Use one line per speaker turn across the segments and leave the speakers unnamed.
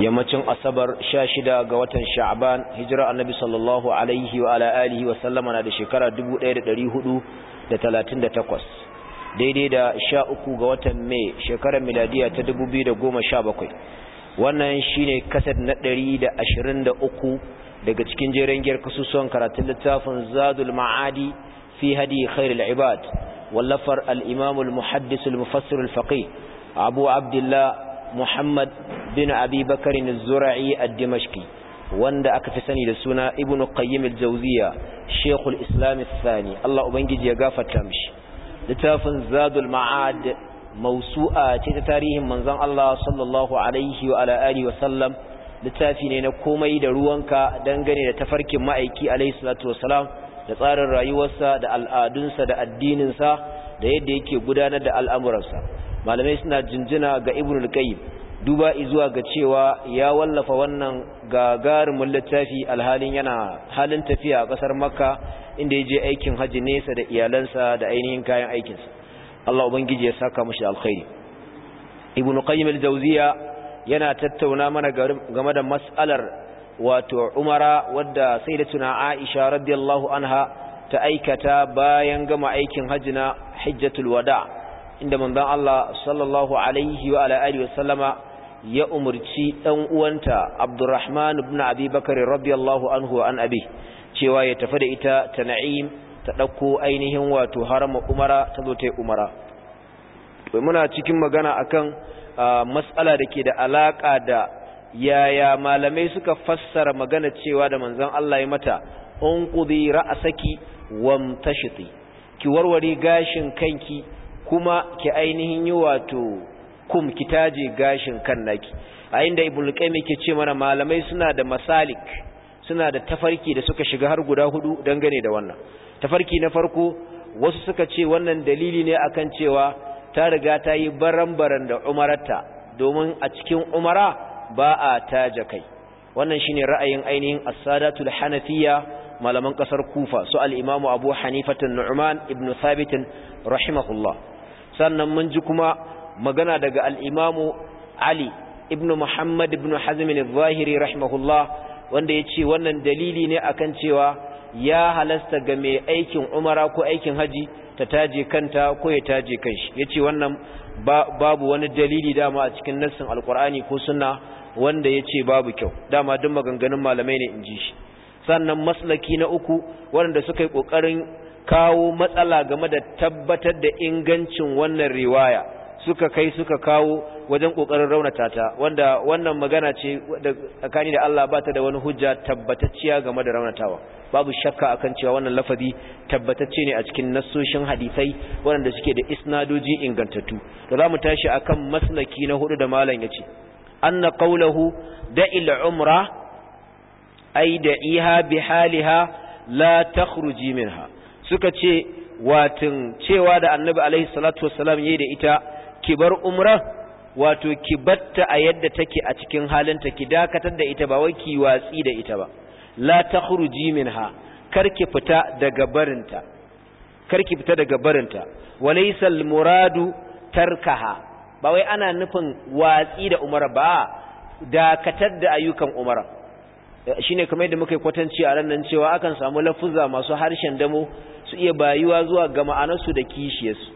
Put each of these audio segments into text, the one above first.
yammacin asabar sha shida ga watan sha'ban hijira annabi sallallahu alaihi wa ala alihi wa sallama na da shekara 1438 daidai da sha uku ga watan mai shekarar miladiya ta 2017 wannan shine kasar na 123 daga cikin jeren giyar kasusuwan karatun littafin zadul ma'adi fi hadi khairul ibad wallafar al imamul al-muhaddis al-mufassir al-faqih abu abdullah Muhammad bin Abi Bakar az-Zura'i ad-Dimashqi wanda aka fi sani da suna Ibn Qayyim al-Jawziyya Sheikh al-Islam al-Thani Allah ubangiji ya gafarta mishi littafin Zadul Ma'ad mawsu'a ce ta tarihin manzon Allah sallallahu alaihi wa ala alihi wa sallam littafi ne na komai da ruwanka dangane da tafarkin ma'aiki alaihi salatu wasalam da tsarin rayuwarsa da al'adunsa da addininsa da yadda yake gudanar da al'amuransa malamai suna jinjina ga ibn al-qayyim duba izuwa ga cewa ya wallafa wannan gagarumin littafi alhalin yana halin tafiya a kasar makka inda ya je aikin haji nesa da iyalansa da ainihin kayan aikinsa Allah ubangiji ya saka mushi alkhairi ibn qayyim al-jawziya yana tattauna mana game da mas'alar wato umara wadda sayyidatuna aisha radiyallahu anha ta aikata bayan gama aikin hajji na hijjatul wada' inda manzon Allah sallallahu alaihi wa ala alihi wasallama ya umurci dan uwanta Abdurrahman ibn Abi Bakar radiyallahu anhu an abi cewa ya tafi da ita ta Na'im ta dauko ainihin wato harama Umara ta zo ta Umara to muna cikin magana akan mas'ala da ke da alaka da yaya malamai suka fassara magana cewa da manzon Allah ya mata unqudi ra'saki wamtashiti ki warware gashin kanki kuma ki ainihin yi wato kum ki taje gashin kan naki a inda ibn qayyim ke ce mana malamai suna da masalik suna da tafarki da suka shiga har guda hudu dangane da wannan tafarki na farko wasu suka ce wannan dalili ne akan cewa ta riga ta yi baran-baran da umarata domin a cikin umara ba a taja kai wannan shine ra'ayin ainihin as-sadatul hanafiya malaman kasar kufa su al-imamu abu hanifatan nu'man ibnu Sabitin. rahimahullah sannan mun ji kuma magana daga al'imamu ali ibn muhammad ibn hazmi al-zahiri rahimahullah wanda ce wannan dalili ne a kan cewa ya halasta ga mai aikin umara ko aikin haji ta taje kanta ko ya taje kanshi ce wannan babu wani dalili dama a cikin nassin alkur'ani ko suna wanda ya ce babu kyau dama duk maganganun malamai ne in ji shi sannan maslaki na uku waɗanda suka yi ƙoƙarin kawo matsala game da tabbatar da ingancin wannan riwaya suka kai suka kawo wajen kokarin raunata ta wanda wannan magana ce tsakani da Allah ba ta da wani hujja tabbatacciya game da raunatawa babu shakka akan cewa wannan lafazi tabbatacce ne a cikin nassoshin hadisai waɗanda suke da isnadoji ingantattu to za mu tashi akan masnaki na hudu da malam yace anna qawluhu da umra ay da'iha haliha la takhruji minha suka ce watin cewa da annabi alaihi salatu wasalam yi da ita ki bar umra wato ki batta a yadda take a cikin halinta ki dakatar da ita ba wai ki watsi da ita ba la takhruji minha kar ki fita daga barinta kar ki fita daga barinta walaysa muradu tarkaha ba wai ana nufin watsi da umara ba dakatar da ayyukan umara shine kamar yadda muka yi kwatanci a ran cewa akan samu lafuza masu harshen damo su iya bayuwa zuwa ga ma'anarsu da kishiyarsu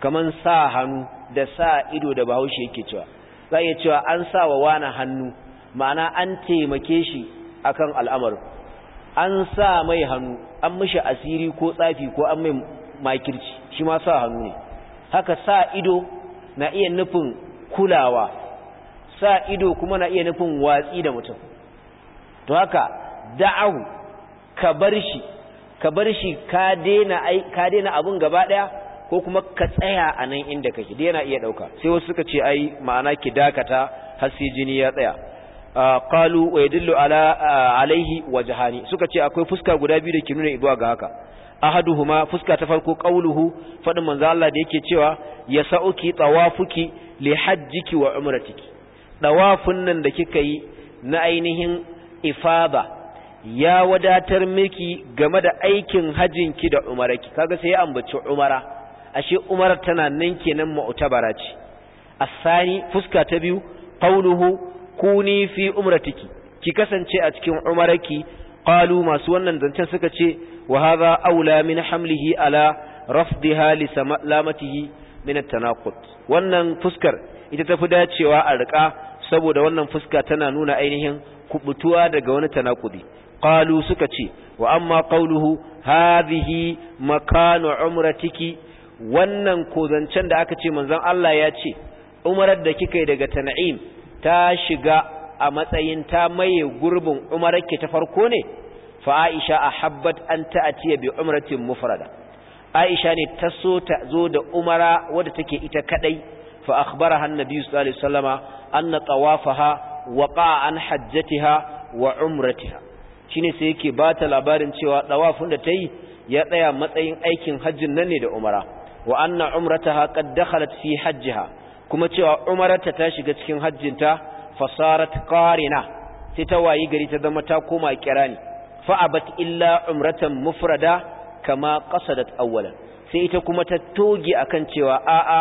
Kamar sa hannu da sa ido da bahaushe yake cewa za iya cewa an sa wa wani hannu ma'ana an taimake shi akan al'amar an sa mai hannu an mishi asiri ko tsafi ko an mai makirci shi ma sa hannu ne haka sa ido na iya nufin kulawa sa ido kuma na iya nufin watsi da mutum to haka da'ahu ka bar shi ka bar shi ka daina abun gaba ɗaya ko kuma ka tsaya a nan inda kake da yana iya ɗauka sai wasu suka ce ai ma'ana ki dakata har sai jini ya tsaya qalu wa yadullu ala alaihi wajhani suka ce akwai fuska guda biyu da ke nuna ibuwa ga haka ahaduhuma fuska ta farko qauluhu fadin manzo Allah da yake cewa yasauki tawafuki li hajjiki wa umratiki tawafun nan da kika yi na ainihin ifada ya wadatar miki game da aikin hajjinki da umaraki kaga sai ya ambaci umara ashe umar tana nan kenan mu'tabara ce asani fuska ta biyu qauluhu kuni fi umratiki ki kasance a cikin umaraki qalu masu wannan zancen suka ce wa hadha aula min hamlihi ala rafdiha li samalamatihi min at wannan fuskar ita tafi dacewa a rika saboda wannan fuska tana nuna ainihin kubutuwa daga wani tanakudi qalu suka ce wa amma qawluhu hadhihi makanu umratiki wannan kozancen da aka ce manzon Allah ya ce umarar da kika yi daga tan'im ta shiga a matsayin ta maye gurbin umararki ta farko ne fa aisha ahabbat an ta'tiya bi umratin mufrada aisha ne ta so ta zo da umara wadda take ita kadai fa akhbaraha annabi sallallahu alaihi wasallama anna tawafaha waqa an hajjatiha wa umratiha shine sai yake ba ta labarin cewa ɗawafin da ta yi ya tsaya matsayin aikin hajjin nan ne da umara wa anna umrata qad dakhalat fi hajjiha kuma cewa umararta ta shiga cikin hajjinta fasarat qarina sai ta wayi gari ta zama ta koma kirani fa abat illa umratan mufrada kama qasadat awwalan sai ita kuma ta toge akan cewa a'a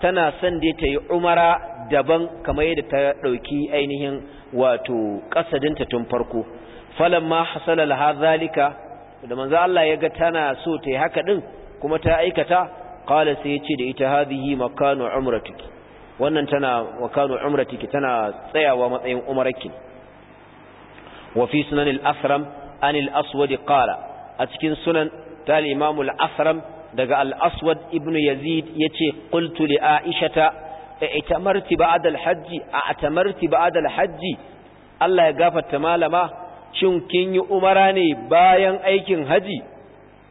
tana son da ta yi umara daban kamar yadda ta ɗauki ainihin wato ƙasadinta tun farko falamma hasala laha zalika da manzo Allah ya ga tana so ta yi haka din kuma ta aikata qala sai yace da ita hadhihi makanu umratiki wannan tana makanu umratiki tana tsayawa matsayin umarki wa fi sunan al-asram an al-aswad qala a cikin sunan ta al-imam al-asram daga al-aswad ibnu yazid yace qultu li aishata i'tamarti ba'da al-hajj a'tamarti ba'da al-hajj Allah ya gafarta malama shin kin yi umara ne bayan aikin haji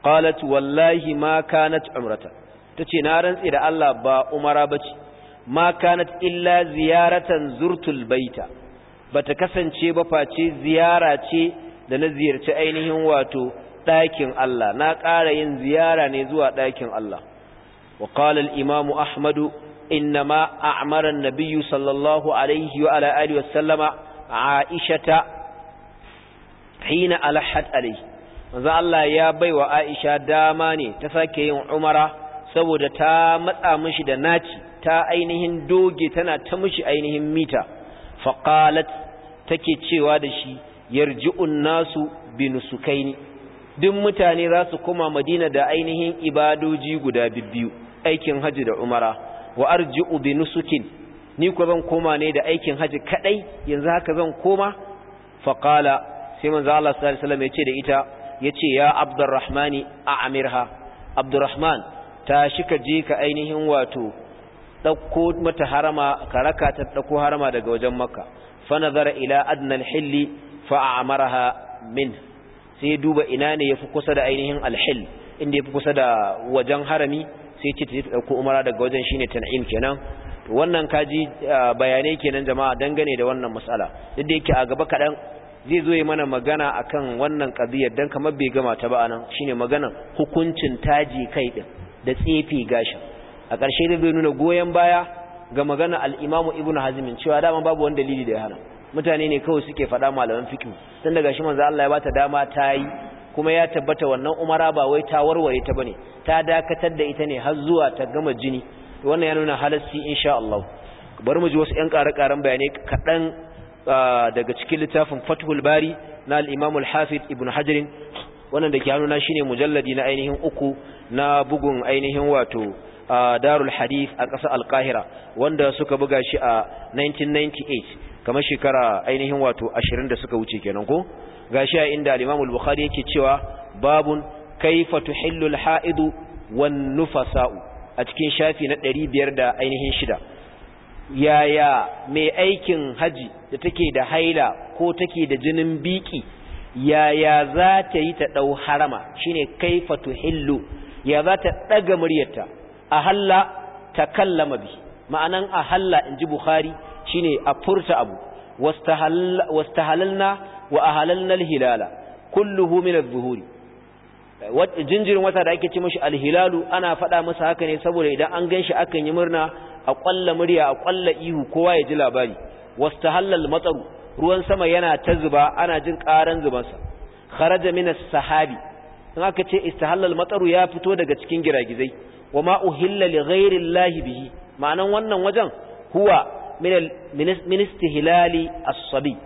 qalat wallahi ma kanat umrata tace na rantsi da Allah ba umara bace ma kanat illa ziyaratan zurtul baita bata kasance ba face ziyara ce da na ziyarci ainihin wato ɗakin Allah na ƙara yin ziyara ne zuwa ɗakin Allah wa qala al-imam ahmad innama a'mara an-nabiy sallallahu alaihi wa ala alihi wa sallama aishata hina alhad alai manzo Allah ya baiwa Aisha dama ne ta sake yin umara saboda ta matsa mishi da naci ta ainihin doge tana ta mishi ainihin mita faqalat take cewa da shi yarji'un nasu binusukaini duk mutane za su koma Madina da ainihin ibadoji guda biyu aikin haji da umara wa arji'u binusukin ni ko zan koma ne da aikin haji kadai yanzu haka zan koma faqala sai manzo Allah sallallahu alaihi wasallam ya ce da ita yace ya Abdurrahmani a'mirha Abdurrahman ta shika je ka ainihin wato dauko mata harama ka raka ta dauko harama daga wajen Makka fa nazara ila adna al-hilli fa a'maraha min sai duba ina ne yafi kusa da ainihin al-hill inda yafi kusa da wajen harami sai ce ta dauko umara daga wajen shine tan'im kenan wannan kaji ah, bayanai kenan jama'a dangane da wannan mas'ala duk da yake a gaba kadan zai zo yi mana magana a kan wannan ƙabiyar don kamar bai gama ta ba Shi ne maganan hukuncin taji kai ɗin da tsefi gashin a ƙarshe da zai nuna goyon baya ga magana al'imamu ibn hazimin cewa dama babu wani dalili da ya hana mutane ne kawai suke faɗa malaman fikin tun daga shi manzo Allah ya bata dama ta yi kuma ya tabbata wannan umara ba wai ta warware ta bane ta dakatar da ita ne har zuwa ta gama jini wannan ya nuna halasci insha Allah bari mu ji wasu ƴan ƙare-ƙaren bayanai kaɗan daga cikin littafin fathul bari na al-imam al-hafiz ibn hajar wannan da ke hannuna shine mujalladi na ainihin uku na bugun ainihin wato darul hadith a ƙasar alkahira wanda suka buga shi a 1998 kamar shekara ainihin wato 20 da suka wuce kenan ko gashi a inda al-imam al-bukhari yake cewa babun kai fatuhillul haidu wan nufasa'u a cikin shafi na 500 da ainihin shida yaya mai aikin haji da take da haila ko take da jinin biki yaya za ta yi ta ɗau harama shine kaifa tuhillu ya za ta ɗaga muryarta a halla ta kallama bi ma'anan a halla in ji bukhari shine a furta abu wastahalalna wa ahalalna hilala kulluhu min adh jinjirin wata da ake ce mashi alhilalu ana faɗa masa haka ne saboda idan an gan shi akan yi murna a ƙwalla murya a ƙwalla ihu kowa ya ji labari wasta hallal matsaru ruwan sama yana ta zuba ana jin ƙaran zubansa kharaja minas sahabi in aka ce istahallal matsaru ya fito daga cikin giragizai wa ma uhilla li ghairi bihi ma'anan wannan wajen huwa min istihlali as-sabi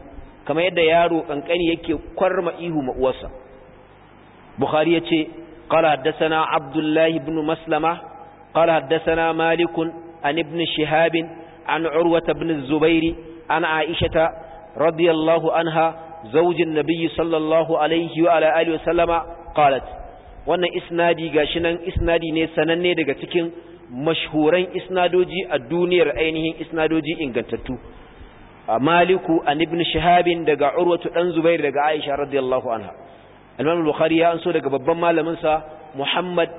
kamar yadda yaro kankani yake kwarma ihu ma uwarsa bukhari ya ce qala haddathana abdullahi ibn maslama qala haddathana malik an ibn shihab an urwata ibn zubairi an aisha radiyallahu anha zaujin Nabiyyu sallallahu alaihi wa sallama qalat wannan isnadi gashinan isnadi ne sananne daga cikin mashhuran isnadoji a duniyar ainihin isnadoji ingantattu maliku an ibn daga urwatu ɗan zubair daga aisha radiyallahu anha al-imam bukhari ya anso daga babban malamin sa muhammad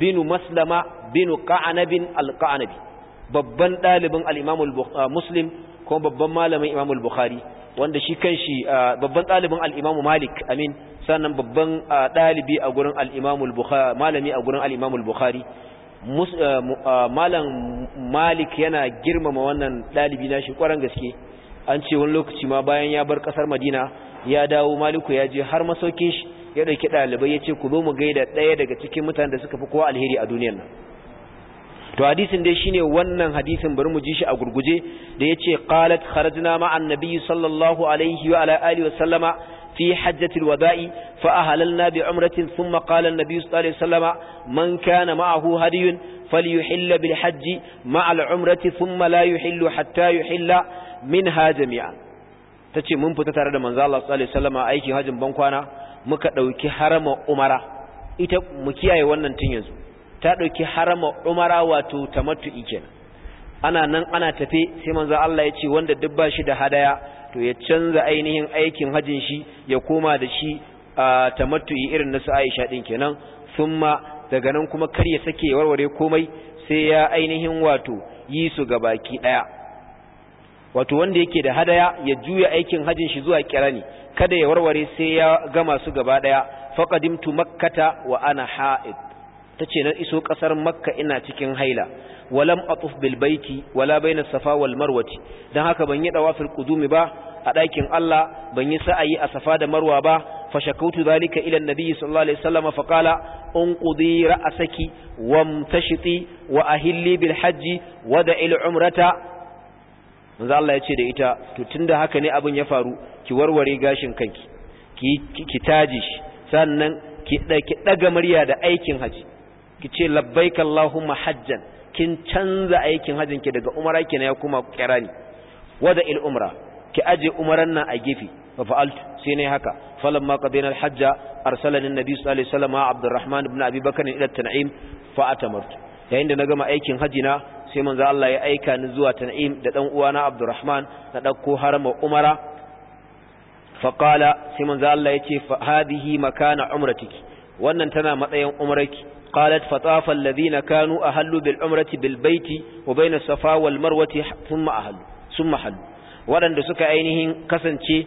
bin maslama bin qa'anab al-qa'anabi babban dalibin al-imam ah, muslim ko babban malamin imam al-bukhari wanda shi kanshi ah, babban dalibin al-imam malik amin sannan babban dalibi ah, a gurin al-imam bukhari malami a gurin al-imam bukhari malam malik yana girmama wannan dalibi nashi kwaran gaske an ce wani lokaci ma bayan ya bar kasar madina ya dawo maliku ya je har masaukin shi ya ɗauki ɗalibai ya ce ku zo mu gaida ɗaya daga cikin mutanen da suka fi kowa alheri a duniyar nan to hadisin dai shine wannan hadisin bari mu ji shi a gurguje da yace qalat kharajna ma'an nabiy sallallahu alaihi wa ala alihi wa sallama في حجة الوداء فأهللنا بعمرة ثم قال النبي صلى الله عليه وسلم من كان معه هدي فليحل بالحج مع العمرة ثم لا يحل حتى يحل منها جميعا تتشي من فتترد من ذا الله صلى الله عليه وسلم أيكي هجم بنكوانا muka ɗauki harama umara ita mu kiyaye wannan tun yanzu ta ɗauki harama umara wato tamattu kenan ana nan ana tafe sai manzo Allah ya ce wanda duk ba shi da hadaya to ya canza ainihin aikin hajin shi ya koma da shi tamattu irin na su Aisha din kenan thumma daga nan kuma kar ya sake warware komai sai ya ainihin wato yi su ga baki daya wato wanda yake da hadaya ya juya aikin hajin shi zuwa kirani kada ya warware sai ya gama su gaba daya faqadimtu makkata wa ana ha'id tace na iso kasar makka ina cikin haila walam atuf bil baiti wala baina safa wal marwati dan haka ban yi dawafil qudumi ba a ɗakin Allah ban yi sa'ayi a safa da marwa ba fashakautu zalika ila annabi sallallahu alaihi wasallam fa qala unqudi ra'saki wamtashiti wa ahilli bil hajji wa da'il umrata manzo Allah ya ce da ita to tunda haka ne abin ya faru ki warware gashin kanki ki ki taji shi sannan ki daga murya da aikin haji ki ce labbaik allahumma hajjan kin canza aikin hajjin ki daga umara kina ya kuma kirani wada il umra ki aje umaran nan a gefe fa fa'altu sai ne haka falamma qadina al hajja arsalani annabi sallallahu alaihi wasallam abdurrahman ibn abi bakr ila tan'im fa atamartu yayin da na gama aikin haji na sai manzo Allah ya aika ni zuwa tan'im da dan uwana abdurrahman na dauko ma umara faƙala sai manzo Allah ya ce hadihi makana umratiki wannan tana matsayin umrarki qalat fatafa alladhina kanu ahallu bil umrati bil baiti wa bayna safa wal marwati thumma ahallu thumma waɗanda suka ainihin kasance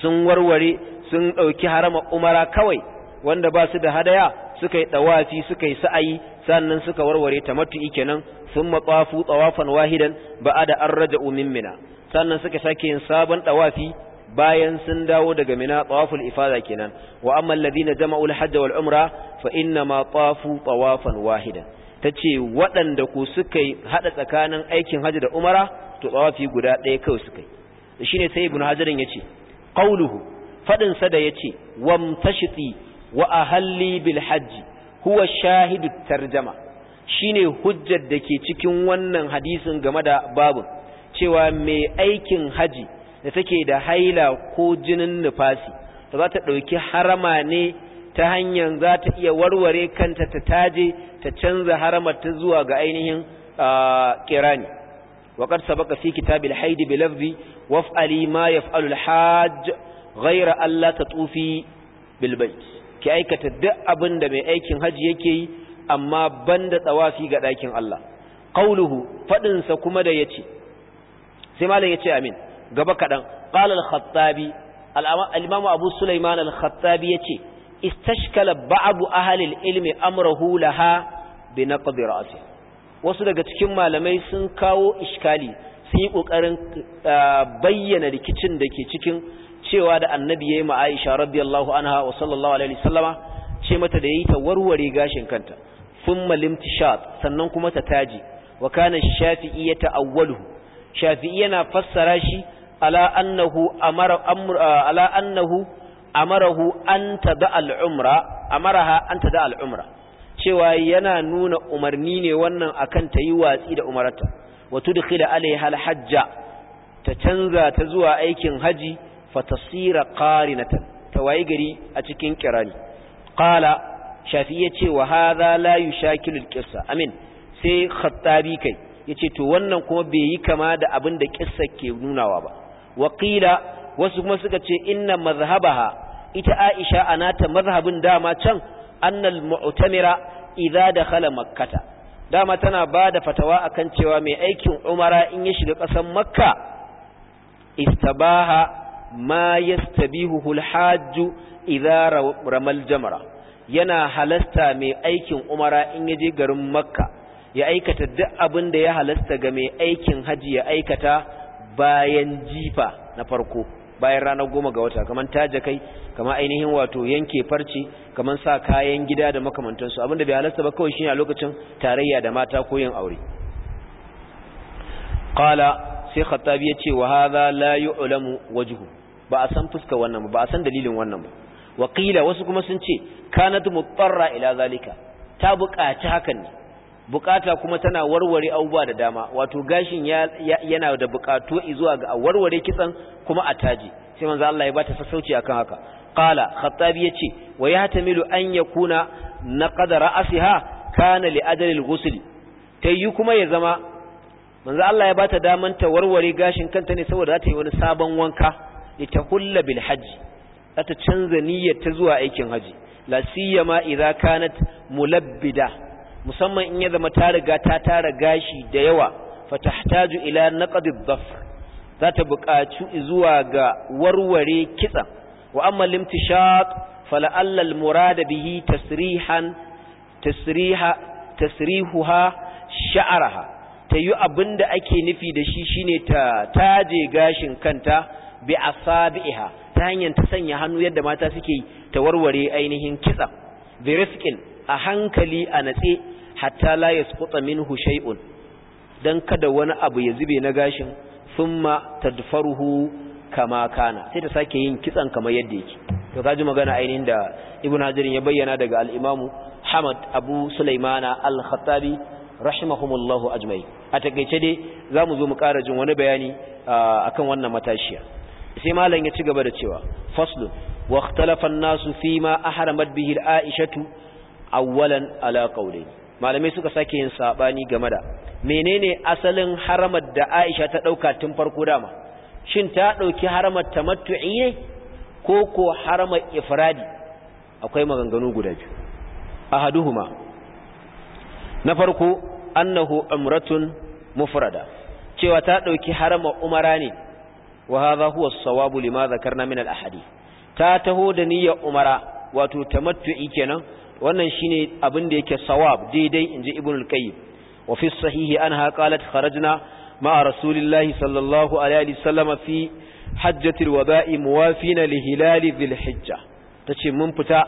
sun warware sun ɗauki harama umara kawai wanda ba su da hadaya suka yi dawafi suka yi sa'ayi sannan suka warware ta matu'i kenan sun matsafu tsawafan wahidan ba a da an raja umin mina sannan suka sake yin sabon ɗawafi bayan sun dawo daga mina tawaful ifada kenan wa amma alladhina jama'u al wal umra fa inna ma tawafu tawafan wahidan tace waɗanda ku suka hada tsakanin aikin haji da umara to tawafi guda ɗaya kawai suka yi shine sai ibnu hajarin yace qawluhu fadin sa da yace wamtashiti wa ahalli bil hajj huwa shahidu tarjama shine hujjar da ke cikin wannan hadisin game da babu cewa mai aikin haji da take da haila ko jinin nufasi to za ta ɗauki harama ne ta hanyar za ta iya warware kanta ta taje ta canza harama ta zuwa ga ainihin kirani waƙar sabaka fi kitabil haidi bilafzi waf'ali ma yaf'alul hajj ghaira Allah ta tufi bilbai. ki aikata duk abin da mai aikin hajji yake yi amma banda tsawafi ga ɗakin Allah qauluhu faɗinsa kuma da yace sai malam yace amin gaba kaɗan ƙala al-khattabi al abu sulaiman al-khattabi ya ce istashkala ba'abu ahalil ilmi amrahu laha bi naqdi wasu daga cikin malamai sun kawo iskali sun yi ƙoƙarin bayyana rikicin da ke cikin cewa da annabi yayi ma Aisha radiyallahu anha wa sallallahu alaihi sallama ce mata da yayi ta warware gashin kanta thumma limtishat sannan kuma ta taji wa iya ta awwalu shafi'i yana fassara shi ala annahu amarahu an al'umra amaraha an da al'umra cewa yana nuna umarni ne wannan akan ta yi watsi da umarata wa tudkhila alaiha al-hajja ta canza ta zuwa aikin haji fa tasira qarinatan tawayi gari a cikin kirani qala shafi yace wa hadha la yushakilu qissa amin sai khattabi kai yace to wannan kuma bai yi kama da abin da kissa ke nunawa ba Waƙila wasu kuma suka ce inna mazhabaha ita Aisha a nata mazhabin dama can annal mu'tamira idza dakhala makkata dama tana ba da fatawa akan cewa mai aikin umara in ya shiga ƙasar makka istabaha ma yastabihu alhajju idza ramal jamra yana halasta mai aikin umara in ya je garin makka ya aikata duk abin da ya halasta ga mai aikin haji ya aikata bayan jifa na farko bayan ranar goma ga wata kamar taja kai kamar ainihin wato yanke farci kamar sa kayan gida da makamantansu abinda bai halasta ba kawai shine a lokacin tarayya da mata ko yin aure qala sai khattabi ce wa hadha la yu'lamu wajhu ba a san fuska wannan ba a san dalilin wannan ba wa qila wasu kuma sun ce kanat mutarra ila zalika ta buƙaci hakan ne bukata kuma tana warware abubuwa da dama wato gashin yana da bukatu zuwa ga warware kitsan kuma a taji sai manzo Allah ya bata sassauci akan haka qala khattabi yace wa yahtamilu an yakuna naqad ra'siha kana li ajali al-ghusl kuma ya zama manzo Allah ya bata daman ta warware gashin kanta ne saboda za ta yi wani sabon wanka litahulla bil hajj za ta canza niyyar ta zuwa aikin haji la siyama idza kanat mulabbida musamman in ya zama ta riga ta tara gashi da yawa fatahtaju ila naqdi dhafr za ta buƙaci zuwa ga warware kitsa wa amma limtishaq fala'alla al-murada bihi tasrihan tasriha tasrihuha yi tayu abinda ake nufi da shi shine ta taje gashin kanta bi asabiha ta hanyar ta sanya hannu yadda mata suke ta warware ainihin kitsa bi rifqin a hankali a natse hatta la yasquta minhu shay'un dan kada wani abu ya zube na gashin thumma tadfaruhu kama kana sai ta sake yin kitsan kamar yadda yake to kaji magana ainihin da ibnu hajirin ya bayyana daga al-imamu hamad abu sulaimana al-khattabi rahimahumullahu ajmai a takeice dai zamu zo mu ƙara jin wani bayani akan wannan matashiya sai malam ya ci gaba da cewa faslun fi ma ahramat bihi al-aishatu awwalan ala قولين malamai suka sake yin sabani game da menene asalin haramar da Aisha ta dauka tun farko dama shin ta dauki haramar tamattu'i ne ko ko haramar ifradi akwai maganganu guda biyu ahaduhuma na farko annahu umratun mufrada cewa ta dauki haramar umara ne wa hadha huwa as-sawabu lima dhakarna min al-ahadi ta taho da niyyar umara wato tamattu'i kenan wannan shine abin da yake sawab daidai inji ibn al-qayyim wa fi sahihi anha qalat kharajna ma'a rasulillahi sallallahu alaihi wasallam fi hajjati wadai muwafina li hilal dhil hijja tace mun fita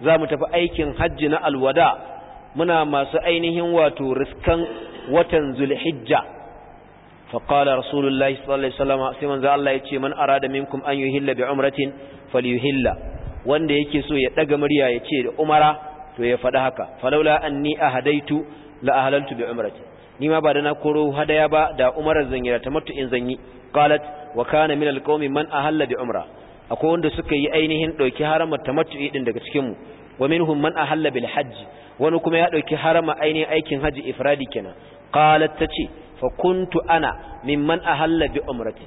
za mu tafi aikin hajji na alwada muna masu ainihin wato riskan watan zulhijja فقال رسول الله صلى الله عليه sai manzo Allah yace man arada minkum an yuhilla bi umratin falyuhilla wanda yake so ya daga murya yace da umara to ya faɗa haka falaula anni ahadaitu la ahlaltu bi umrati ni ma ba da na koro hadaya ba da umarar da tamattu in zanyi qalat wa kana min alqawmi man ahalla bi umra akwai wanda suka yi ainihin dauki harama tamattu din daga cikin mu wa minhum man ahalla bil hajj wani kuma ya dauki harama ainihin aikin haji ifradi kenan qalat tace fa kuntu ana mimman ahalla bi umrati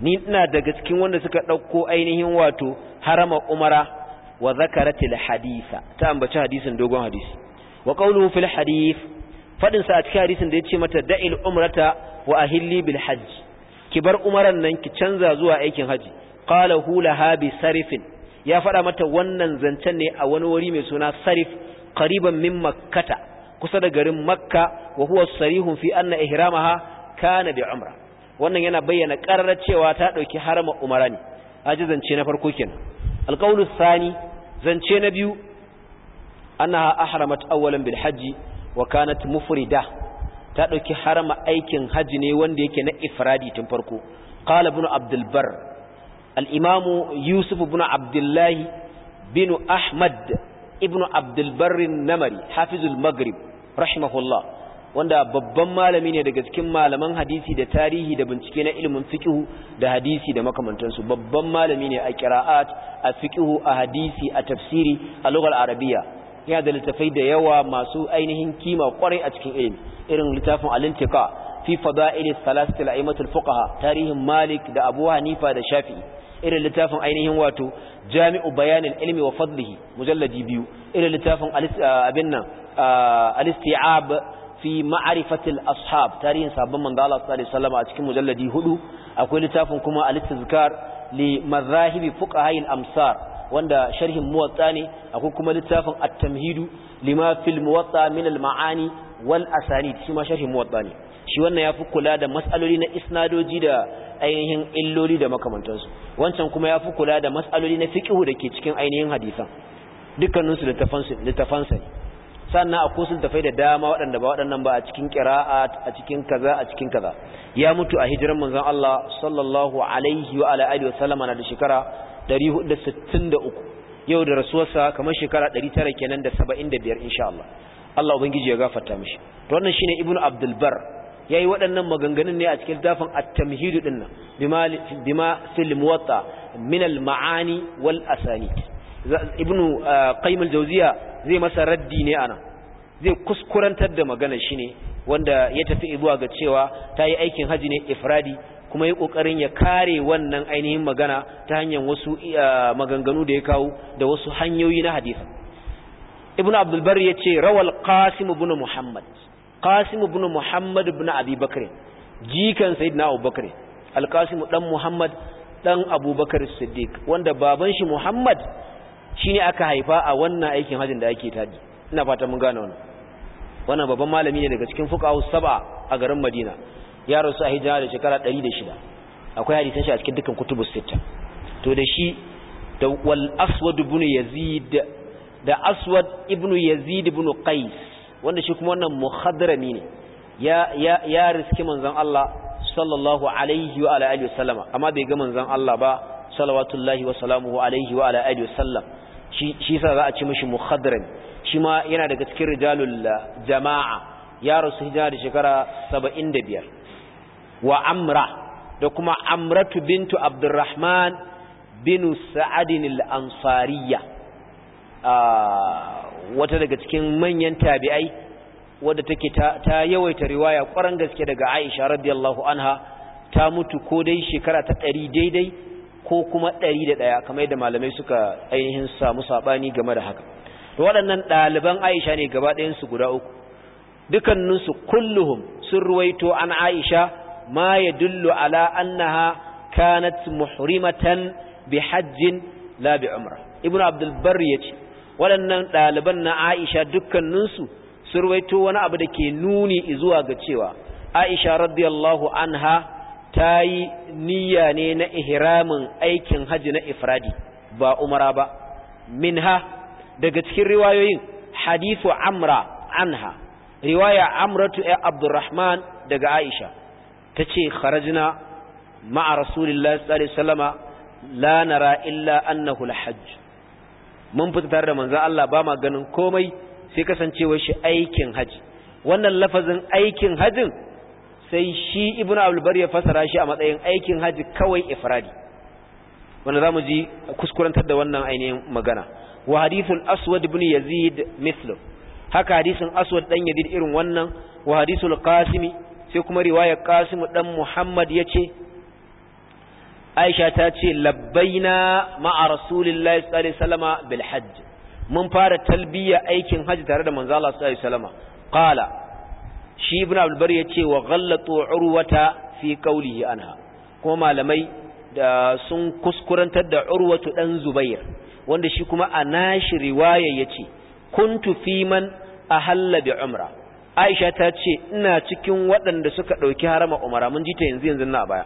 ni ina daga cikin wanda suka dauko ainihin wato harama umara wa zakaratil hadisa ta ambaci hadisin dogon hadisi wa qawluhu fil hadith fadin sa a cikin hadisin da yace mata da'il umrata wa ahilli bil hajj ki bar umaran nan ki canza zuwa aikin haji qala hu laha bi sarifin ya fada mata wannan zancen ne a wani wuri mai suna sarif qariban min makkata kusa da garin makka wa huwa sarihun fi anna ihramaha kana bi umra wannan yana bayyana ƙararra cewa ta ɗauki harama umara ne ajizance na farko kenan alƙawlu sani zance na biyu ana ahramat awwalan bil hajji wa kanat mufrida ta dauki harama aikin haji ne wanda yake na ifradi tun farko qala ibn abdul bar al imam yusuf ibn abdullah bin ahmad ibn abdul bar namari hafizul maghrib rahimahullah wanda babban malami ne daga cikin malaman hadisi da tarihi da bincike na ilimin fikihu da hadisi da makamantansu babban malami ne a qira'at a fiqhu a hadisi a tafsiri a lughal arabiya ya da littafai da yawa masu ainihin kima kwarai a cikin ilimi irin littafin al-intiqa fi fada'il thalathatil a'immatul fuqaha tarihin malik da abu hanifa da shafi'i irin littafin ainihin wato jami'u bayanin ilmi wa fadlihi mujalladi biyu irin littafin abin nan ah, al-isti'ab fi ma'arifatil ashab tarihin sabon manzo Allah sallallahu alaihi wasallam a cikin mujalladi hudu akwai littafin kuma al-tizkar li mazahibi fuqaha'il amsar wanda sharhin muwatta ne akwai kuma littafin at-tamhidu lima fil muwatta min al-ma'ani wal asanid shi ma sharhin muwatta ne shi wannan yafi kula da mas'aloli na isnadoji da ainihin illoli da makamantansu wancan kuma yafi kula da mas'aloli na fiqhu da ke cikin ainihin hadisan dukkaninsu littafansu littafansa ne sannan a kusun tafai da dama waɗanda ba waɗannan ba a cikin ƙira'at a cikin kaza a cikin kaza ya mutu a hijiran manzan Allah sallallahu alaihi wa ala alihi wa sallama na da shekara 463 yau da rasuwarsa kamar shekara 900 kenan da 75 insha Allah Allah ubangiji ya gafarta mishi to wannan shine ibnu abdul bar yayi waɗannan maganganun ne a cikin littafin at-tamhid din nan bima bima fil muwatta min al-ma'ani wal asanid ibnu uh, qayyim al-jawziya zai masa raddi ne nan zai kuskurantar da magana shi ne wanda ya tafi zuwa ga cewa ta yi aikin haji ne ifradi kuma ya kokarin ya kare wannan ainihin magana ta hanyar wasu uh, maganganu da ya kawo da wasu hanyoyi na hadisi ibnu abdul bar yace rawal qasim ibn muhammad qasim ibn muhammad ibn abi bakr jikan sayyidina abubakar al-qasim dan muhammad dan abubakar siddiq wanda baban shi muhammad shine aka haifa a wannan aikin hajin da ake tadi ina fata mun gane wannan wannan babban malami ne daga cikin fuqaha sab'a a garin Madina ya rasu a hijira da shekara 106 akwai hadisan shi a cikin dukkan kutubus sitta to da shi da wal aswad ibn yazid da aswad ibn yazid ibn qais wanda shi kuma wannan muhadrami ne ya ya ya riski manzon Allah sallallahu alaihi wa ala alihi wasallama amma bai ga manzon Allah ba salawatullahi wa salamuhu alaihi wa ala alihi wasallam shi sa za a ci mashi muhadran shi ma yana daga cikin rijalul eh, jama'a ya rasu hijira da shekara biyar. wa amra da kuma amratu bintu abdurrahman bin sa'adin al-ansariya ah, wata daga cikin manyan tabi'ai wadda take ta yawaita riwaya kwaran gaske daga Aisha radiyallahu anha ta mutu ko dai shekara ta ɗari daidai ko kuma ɗari da ɗaya kamar yadda malamai suka ainihin samu saɓani game da haka to waɗannan ɗaliban aisha ne gaba ɗayansu guda uku dukanninsu kulluhum sun ruwaito an aisha ma ya dullu ala annaha kanat muhrimatan bi hajjin la bi umra ibnu abdul barri ce. waɗannan ɗaliban na aisha dukkaninsu sun ruwaito wani abu da ke nuni zuwa ga cewa aisha radiyallahu anha ta yi niyya ne na ihramin aikin haji na ifradi ba umara ba minha daga cikin riwayoyin hadithu amra anha riwaya amratu ya abdurrahman daga aisha ta ce kharajna ma'a rasulillah sallallahu la nara illa annahu alhajj mun fita tare da manzo Allah ba ma ganin komai sai kasancewa shi aikin haji wannan lafazin aikin hajin sai shi ibn abulbar ya fasara shi a matsayin aikin haji kawai ifradi wanda za mu ji kuskurantar da wannan ainihin magana wa hadithul aswad ibn yazid mislu haka hadisin aswad dan yazid irin wannan wa hadithul qasimi sai kuma riwayar qasimu dan muhammad yace aisha ta ce labbaina ma'a rasulillahi sallallahu alaihi wasallama bil hajj mun fara talbiya aikin haji tare da manzo Allah sallallahu alaihi wasallama qala shi ibn abdulbar ya ce wa ghallatu urwata fi qawlihi anha kuma malamai da sun kuskurantar da urwatu dan zubair wanda shi kuma a nashi riwaya yace kuntu fi man ahalla bi umra aisha ta ce ina cikin waɗanda suka ɗauki harama umara mun ji ta yanzu yanzu na baya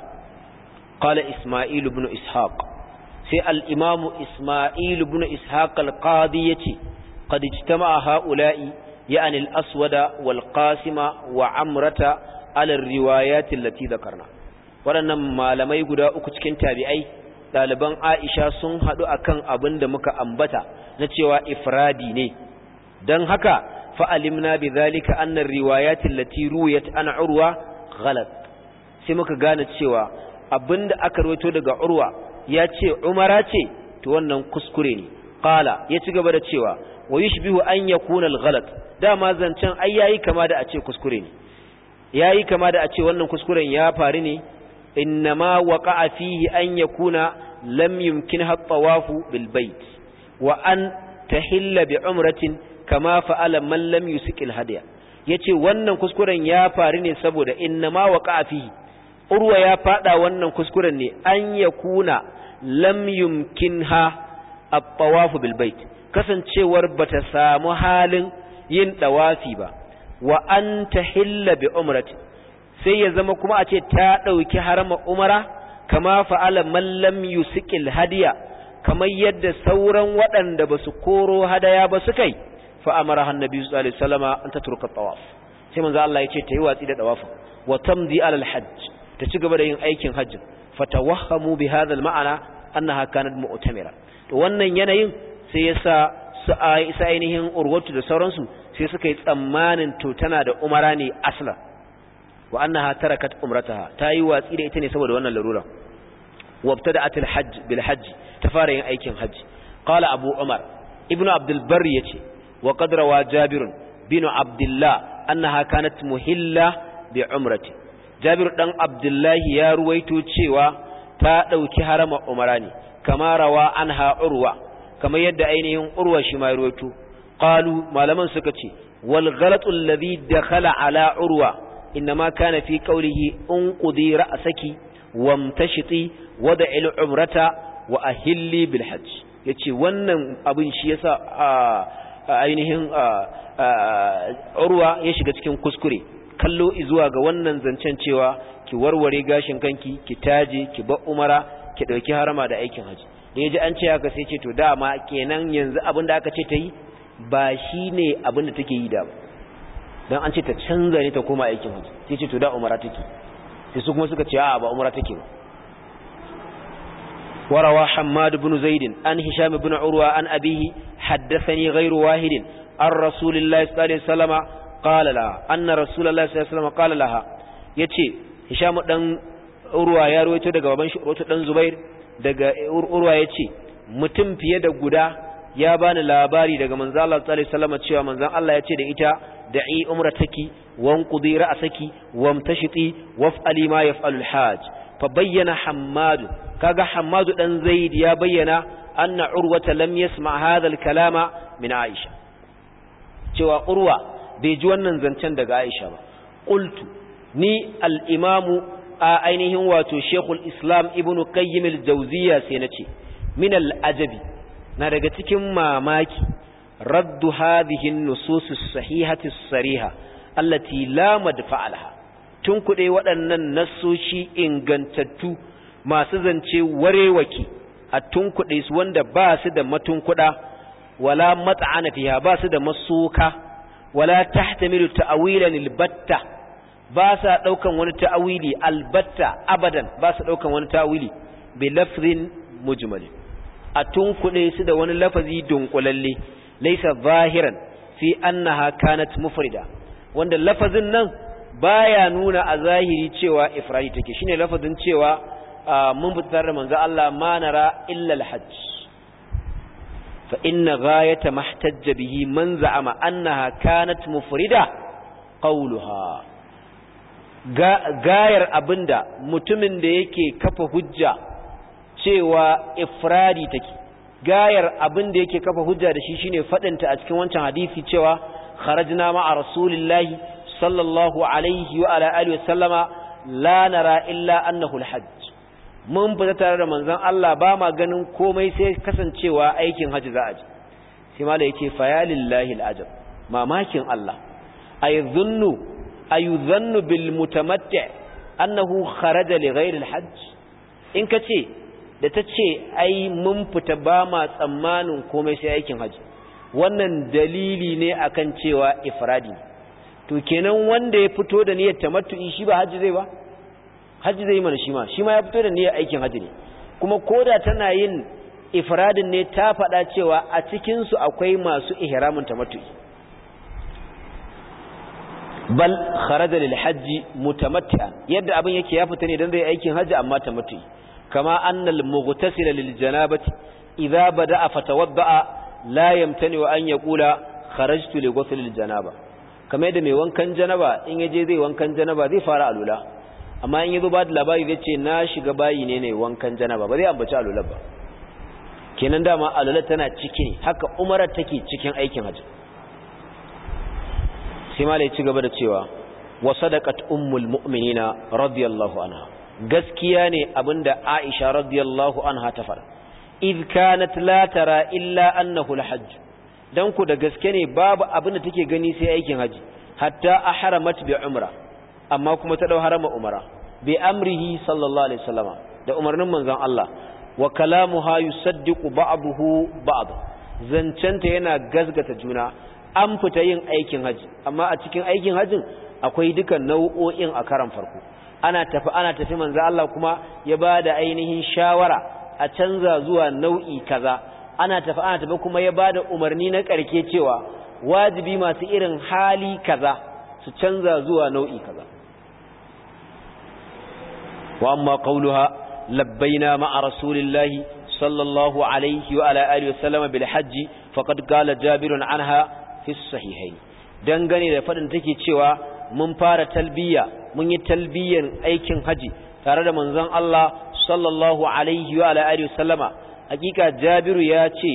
qala isma'il ibn ishaq sai al-imam isma'il ibn ishaq al-qadi yace qad ijtama'a ha'ula'i Yanil يعني الأسود والقاسم وعمرة على الروايات التي ذكرنا ولنم ما لم يقول أكتكين تابعي ɗaliban Aisha sun haɗu akan abin da muka ambata na cewa ifradi ne Dan haka fa'alimna bi zalika annar riwayatin lati ruwayat an urwa ghalat sai muka gane cewa abinda aka rawaito daga urwa ya ce umara ce to wannan kuskure ne qala ya ci gaba da cewa wa yushbihu an yakuna al-ghalat dama zancen ai yayi kama da a ce kuskure ne yayi kama da a ce wannan kuskuren ya faru ne innama waqa'a fihi an yakuna lam yumkin hattawafu bil bait wa an tahilla bi umratin kama fa'ala man lam yusqil hadiya yace wannan kuskuren ya faru ne saboda innama waqa'a fihi urwa ya fada wannan kuskuren ne an yakuna lam ha at-tawafu bil bait kasancewar bata samu halin yin ɗawafi ba wa an ta hilla bi umrat sai ya zama kuma a ce ta ɗauki harama umara kama fa'ala mallam yusikil hadiya kamar yadda sauran waɗanda ba su koro hadaya ba su kai fa'amara hannabi su tsalli salama an ta turka tsawaf sai manzo Allah ya ce ta yi watsi da tsawafin wa tamdi alal hajj ta ci gaba da yin aikin hajjin fatawahhamu bi hadha al ma'ana annaha kanat mu'tamira to wannan yanayin sai yasa su ainihin urwatu da sauransu sai suka yi tsammanin to tana da umara ne asla wa annaha tarakat umrataha ta yi watsi da ita ne saboda wannan larura wabtada'at al-hajj bil hajj ta fara yin aikin hajji qala abu umar ibnu abdul barri yace wa qadra wa jabir bin abdullah annaha kanat muhilla bi umrati jabir dan abdullahi ya ruwaito cewa ta dauki harama umara ne kama rawa anha urwa kamar yadda ainihin urwa shi ma ruwaito qalu malaman suka ce wal ghalatu alladhi dakhala ala urwa inma kana fi qawlihi unqudi ra'saki wamtashiti wad'i al-umrata wa ahilli bil hajj yace wannan abin shi yasa ainihin urwa ya shiga cikin kuskure kallo zuwa ga wannan zancen cewa ki warware gashin kanki ki taje ki ba umara ki dauki harama da aikin haji da ya ji an ce haka sai ce to dama kenan yanzu abin da aka ce ta yi ba shi ne abin da take yi da don an ce ta canza ne ta koma aikin hajji sai ce to da umara take sai su kuma suka ce a ba umara take ba warawa hamad ibn zaidin an hisham ibn urwa an abihi haddathani ghairu wahidin an rasulillahi sallallahu alaihi wasallam qala laha anna rasulullahi sallallahu alaihi wasallam qala laha yace hisham dan urwa ya ruwaito daga baban shi dan zubair daga ur'urwa ya ce mutum fiye da guda ya bani labari daga manzan Allah sallallahu cewa manzan Allah ya ce da ita da da'i umrataki wanqudi ra'saki wamtashiti waf'ali ma yaf'alul hajj fa bayyana Hamadu, kaga Hamadu dan zaid ya bayyana anna urwata lam yasma hadha hadal kalama min aisha cewa urwa bai ji wannan zancen daga aisha ba qultu ni al-imamu a ainihin wato shekul islam ibn qayyim al-jawziya sai na ce min al-ajabi na daga cikin mamaki raddu hadhihi an-nusus as-sahihati as-sariha allati la madfa'a laha tun kuɗe waɗannan nassoshi ingantattu masu zance warewaki a tun kuɗe su wanda ba su da matun kuɗa wala mat'ana fiha ba su da masuka wala tahtamilu ta'wilan al-batta ba sa daukan wani ta'awili albatta abadan ba sa daukan wani ta'awili bi lafzin mujmal a tunkude su da wani lafazi dunkulalle laysa zahiran fi annaha kanat mufrida wanda lafazin nan baya nuna a zahiri cewa ifradi take shine lafazin cewa mun fitar da manzo Allah ma nara illa alhajj fa inna ghayata mahtajja bihi man za'ama annaha kanat mufrida qawluha gayar abinda mutumin da yake kafa hujja cewa ifradi take gayar abinda yake kafa hujja da shi shine fadinta a cikin wancan hadisi cewa kharajna ma'a rasulillahi sallallahu alaihi wa ala alihi sallama la nara illa annahu alhajj mun fita tare da manzon Allah ba ma ganin komai sai kasancewa aikin haji za a ji sai malai yake fayalillahi alajab mamakin Allah ay dhunnu ayuzannu bil mutamatti annahu kharaja li ghairi al-hajj in kace da tace ai mun fita ba ma tsammanin komai sai aikin haji wannan dalili ne akan cewa ifradi to kenan wanda ya fito da niyyar tamattu'i shi ba haji zai ba haji zai mana shi ma shi ma ya fito da niyyar aikin haji ne kuma koda tana yin ifradin ne ta faɗa cewa a cikin su akwai masu ihramin tamattu'i bal kharaja lil hajji mutamatti'an yadda abin yake ya fita ne dan zai aikin haji amma tamattu kama annal mughtasila lil janabati idza bada'a fatawadda'a la yamtani wa an yaqula kharajtu li ghusl lil janaba kamar yadda mai wankan janaba in yaje zai wankan janaba zai fara alula amma in yazo ba da labari zai ce na shiga bayi ne ne wankan janaba ba zai ambaci alula ba kenan dama alula tana ciki haka umara take cikin aikin haji sai malai ci gaba da cewa wa sadaqat ummul mu'minina radiyallahu anha gaskiya ne abinda Aisha radiyallahu anha ta fara iz kanat la tara illa annahu al dan ku da gaske ne babu abinda take gani sai aikin haji hatta ahramat bi umra amma kuma ta dau harama umra bi amrihi sallallahu alaihi wasallama da umarnin manzon Allah wa kalamuha yusaddiqu ba'dahu ba'd zancanta yana gazgata juna an fita yin aikin hajji, amma a cikin aikin hajjin akwai dukan nau'o'in a karan farko ana tafi ana tafi manzo Allah kuma ya bada ainihin shawara a canza zuwa nau'i kaza ana tafi ana tafi kuma ya bada umarni na karke cewa wajibi masu irin hali kaza su canza zuwa nau'i kaza wa amma qauluha labbaina ma'a rasulillahi sallallahu alaihi wa ala alihi wa sallama bil hajji faqad qala jabirun anha fi sahihai dangane da faɗin take cewa mun fara talbiya mun yi talbiyan aikin haji tare da manzan Allah sallallahu alaihi wa wa sallama hakika Jabiru ya ce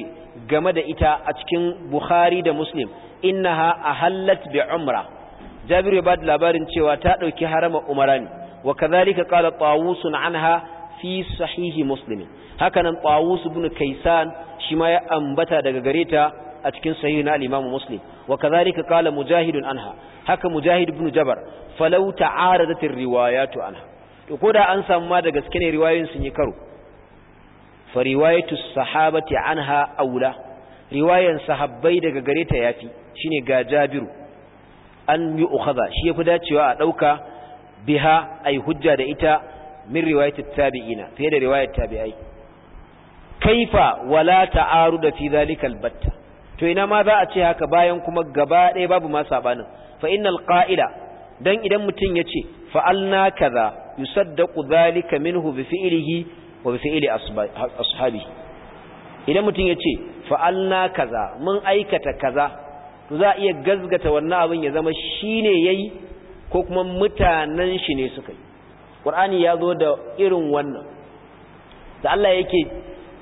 game da ita a cikin Bukhari da Muslim innaha ahallat bi umra Jabiru ya bada labarin cewa ta ɗauki harama umara ne wa kazalika qala Tawus anha fi sahihi Muslim hakanan Tawus bin Kaisan shi ma ya ambata daga gare ta a cikin sahihu na al-Imam Muslim wa kadhalika qala Mujahid anha haka Mujahid ibn Jabar falau ta'aradat ar-riwayat anha to koda an samu ma da gaske ne riwayoyin sun yi karo fa riwayatu sahabati anha aula riwayan sahabbai daga gare ta yafi shine ga Jabiru an yi ukhadha shi yafi dacewa a dauka biha ay hujja da ita min riwayati tabi'ina fiye da riwayat tabi'ai kaifa wala ta'aruda fi dhalika batta. to ina ma za a ce haka bayan kuma gaba ɗaya babu ma sabanin fa innal qa'ila dan idan mutun yace fa'alna kaza yusaddaqu zalika minhu bi fi'lihi wa bi fi'li ashabi idan mutun yace fa'alna kaza mun aikata kaza to za iya gazgata wannan abin ya zama shine yayi ko kuma mutanen shi ne suka yi qur'ani ya zo da irin wannan da Allah yake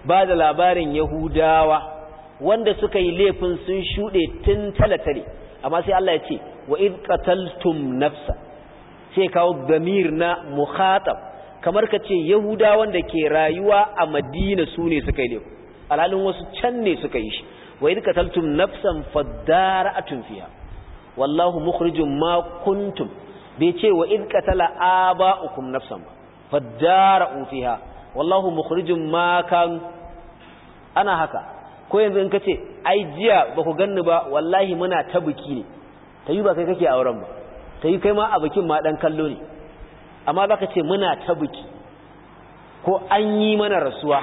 ba da labarin yahudawa wanda suka yi laifin sun shuɗe tun talatare amma sai Allah ya ce wa id qataltum nafsa sai kawo damir na mukhatab kamar ka ce yahuda wanda ke rayuwa a madina su ne suka yi laifin alhalin wasu can ne suka yi shi wa id qataltum nafsan fadara'atun fiha wallahu mukhrijum ma kuntum bai ce wa id qatala aba'ukum nafsan ba fadara'u fiha wallahu mukhrijum ma kan ana haka ko yanzu in ka ce ai jiya ba ku ganni ba wallahi muna ta biki ne ta yi ba kai kake auren ba ta yi kai ma a bikin ma dan kallo ne amma za ka ce muna ta biki ko an yi mana rasuwa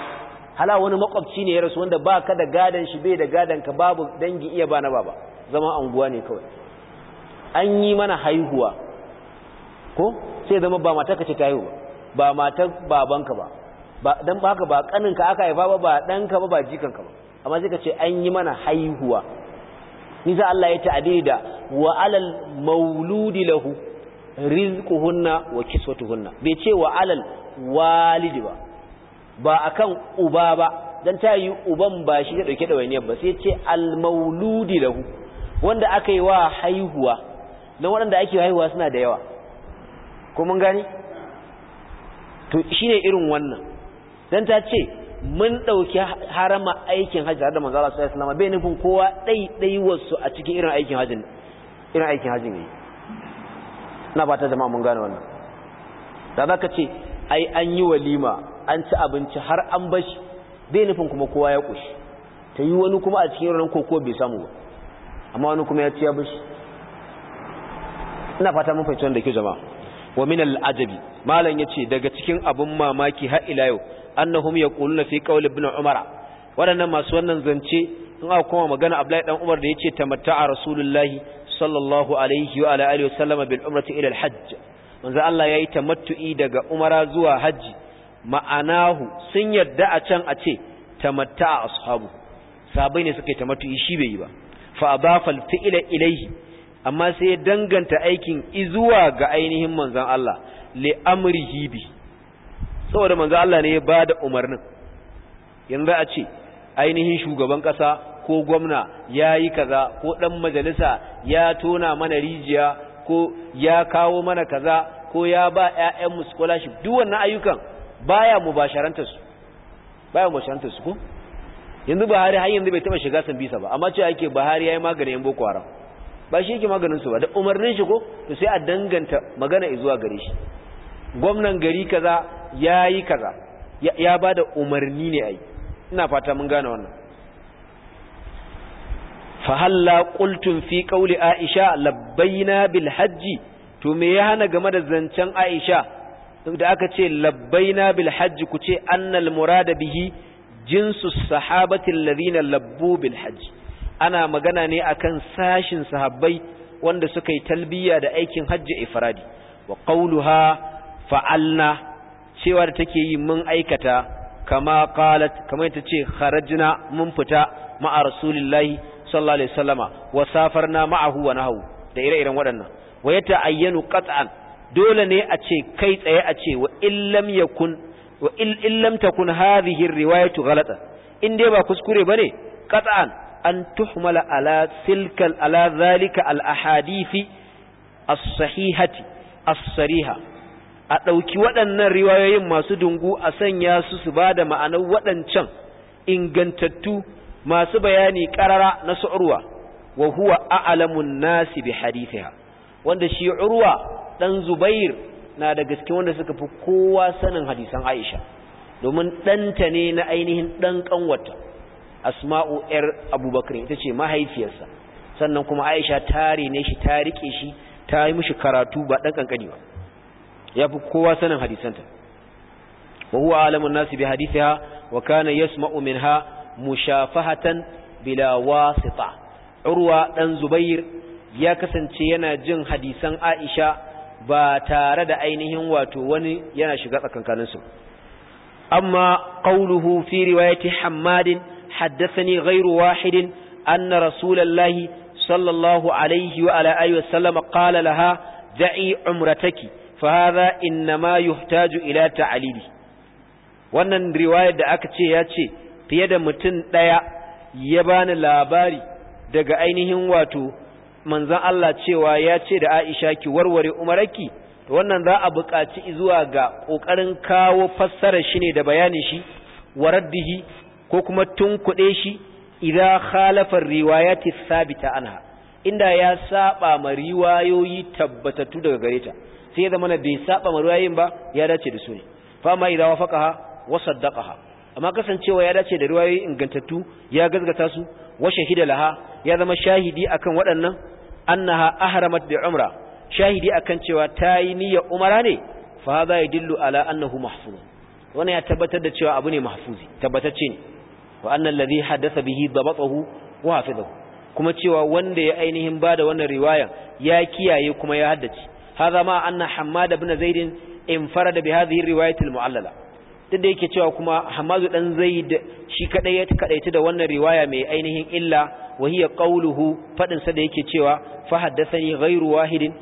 hala wani makwabci ne ya rasu wanda ba ka da gadon shi bai da gadon ka babu dangi iya ba na baba zama anguwa ne kawai an yi mana haihuwa ko sai zama ba mata ka ce ta haihu ba ba matar babanka ba dan ba haka ba kaninka aka haifa ba ba danka ba ba jikanka ba amma suka ce an yi mana haihuwa nisa Allah ya ta'adiri da wa alal mauludi lahu rizquhunna wa kiswatuhunna bai ce wa walidi ba ba kan uba ba dan ta yi uban ba shi da dauke da wani ba sai ce al mauludi lahu wanda aka yi wa haihuwa dan waɗanda ake haihuwa suna da yawa ko mun gani to shine irin wannan dan ta ce mun ɗauki harama aikin hajji tare da manzo Allah sallallahu alaihi wasallam bai nufin kowa dai dai wasu a cikin irin aikin hajji irin aikin hajji ne ina fata jama'a mun gane wannan da zaka ce ai an yi walima an ci abinci har an bashi bai nufin kuma kowa ya kushi ta yi wani kuma a cikin ranar koko bai samu ba amma wani kuma ya ci ya bashi ina fata mun fahimci wanda ke jama'a wa min al-ajabi malam yace daga cikin abun mamaki har ila yau annahum yaquluna fi qawli ibn umara wadannan masu wannan zance in aka koma magana Abdullahi dan Umar da yace tamatta'a rasulullahi sallallahu alaihi wa alihi wa sallama bil umrati ila al hajj manzo Allah yayi tamattu'i daga umara zuwa haji ma'anahu sun yadda a can a ce tamatta'a ashabu sahabbai ne suka yi tamattu'i shi bai yi ba fa adafa al fi'la ilayhi amma sai ya danganta aikin izuwa ga ainihin manzon Allah li amrihi bi saboda manzo Allah ne ya ba da umarnin yanzu a ce ainihin shugaban kasa ko gwamna ya yi kaza ko dan majalisa ya tona mana rijiya ko ya kawo mana kaza ko ya ba ƴaƴan mu scholarship duk wannan ayyukan baya mubasharantar su baya mubasharantar ko yanzu Buhari har yanzu bai taba shiga sambisa ba amma ce ake Buhari yayi maganin yan boko haram ba shi yake maganin su ba da umarnin shi ko to sai a danganta magana zuwa gare shi gwamnan gari kaza ya yi kaza ya ba da umarni ne a yi ina fata mun gane wannan fahalla qultum fi qawli aisha labbaina bil hajji to me ya hana game da zancen aisha da aka ce labbaina bil hajji ku ce annal murada bihi jinsu sahabatin alladhina labbu bil hajji ana magana ne akan sashin sahabbai wanda suka yi talbiya da aikin hajji ifradi wa qawluha fa'alna cewa da take yi mun aikata kama qalat kama ita ce kharajna mun fita ma'a rasulillahi sallallahu alaihi wasallama wa safarna ma'ahu wa nahu da ire-iren waɗannan wa yata'ayyanu qat'an dole ne a ce kai tsaye a ce wa illam yakun wa illam takun hadhihi riwayatu ghalata in dai ba kuskure bane qat'an an tuhmala ala ala zalika al ahadithi as-sahihati as-sariha a ɗauki waɗannan riwayoyin masu dungu a sanya su su ba da ma'anar waɗancan ingantattu masu bayani ƙarara na su urwa wa huwa a'alamun nasi bi hadithiha wanda shi urwa dan zubair na da gaske wanda suka fi kowa sanin hadisan aisha domin ɗanta ne na ainihin ɗan ƙanwata asma'u yar abubakar ita ce mahaifiyarsa sannan kuma aisha tare ne shi ta riƙe shi ta yi mishi karatu ba ɗan ƙanƙani ba yafi kowa sanin hadisanta wa huwa alamun nasi bi hadithiha wa kana yasma'u minha mushafahatan bila wasita urwa dan zubair ya kasance yana jin hadisan aisha ba tare da ainihin wato wani yana shiga tsakankanin su amma qawluhu fi riwayati hammadin haddathani ghayru wahidin anna rasulullahi sallallahu alaihi wa ala alihi wa sallama qala laha da'i umrataki fa inna ma yuhtaju ila ta'lili wannan riwayar da aka ce ya ce fiye da mutum ɗaya ya bani labari daga ainihin wato manzon Allah cewa ya ce da Aisha ki warware umaraki to wannan za a buƙaci zuwa ga ƙoƙarin kawo fassarar shi ne da bayanin shi waraddihi ko kuma tunkuɗe shi idza khalafa riwayati sabita anha inda ya saba ma riwayoyi tabbatattu daga gareta sai ya zama bai saba ma ruwayoyin ba ya dace da su ne fa ma idza wafaqaha wa saddaqaha amma kasancewa ya dace da ruwayoyi ingantattu ya gazgata su wa shahida laha ya zama shahidi akan waɗannan annaha ahramat bi umra shahidi akan cewa ta yi niyyar umara ne fa hadha yadullu ala annahu mahfuz wannan ya tabbatar da cewa abu ne mahfuzi tabbatacce ne wa anna alladhi haddatha bihi dabatahu wa hafizahu kuma cewa wanda ya ainihin bada wannan riwaya ya kiyaye kuma ya haddace hadha ma anna hammad ibn zaid infarada bi hadhihi riwayat mu'allala duk da yake cewa kuma hamadu dan zaid shi kadai ya kadaitu da wannan riwaya mai ainihin illa wa hiya qawluhu fadin sa da yake cewa fa haddathani ghairu wahidin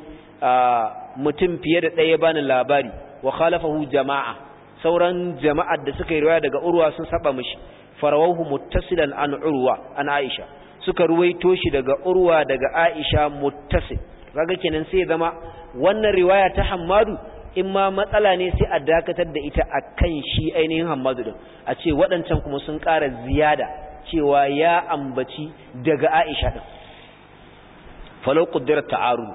mutum fiye da daya bani labari wa khalafahu jama'a sauran jama'ar da suka yi riwaya daga urwa sun saba mishi farawahu muttasilan an urwa an aisha suka ruwaito shi daga urwa daga aisha muttasil kaga kenan sai ya zama wannan riwaya ta Hammadu in ma matsala ne sai a dakatar da ita akan shi ainihin Hammadu din a ce waɗancan kuma sun ƙara ziyada cewa ya ambaci daga Aisha din falau quddirat ta'arud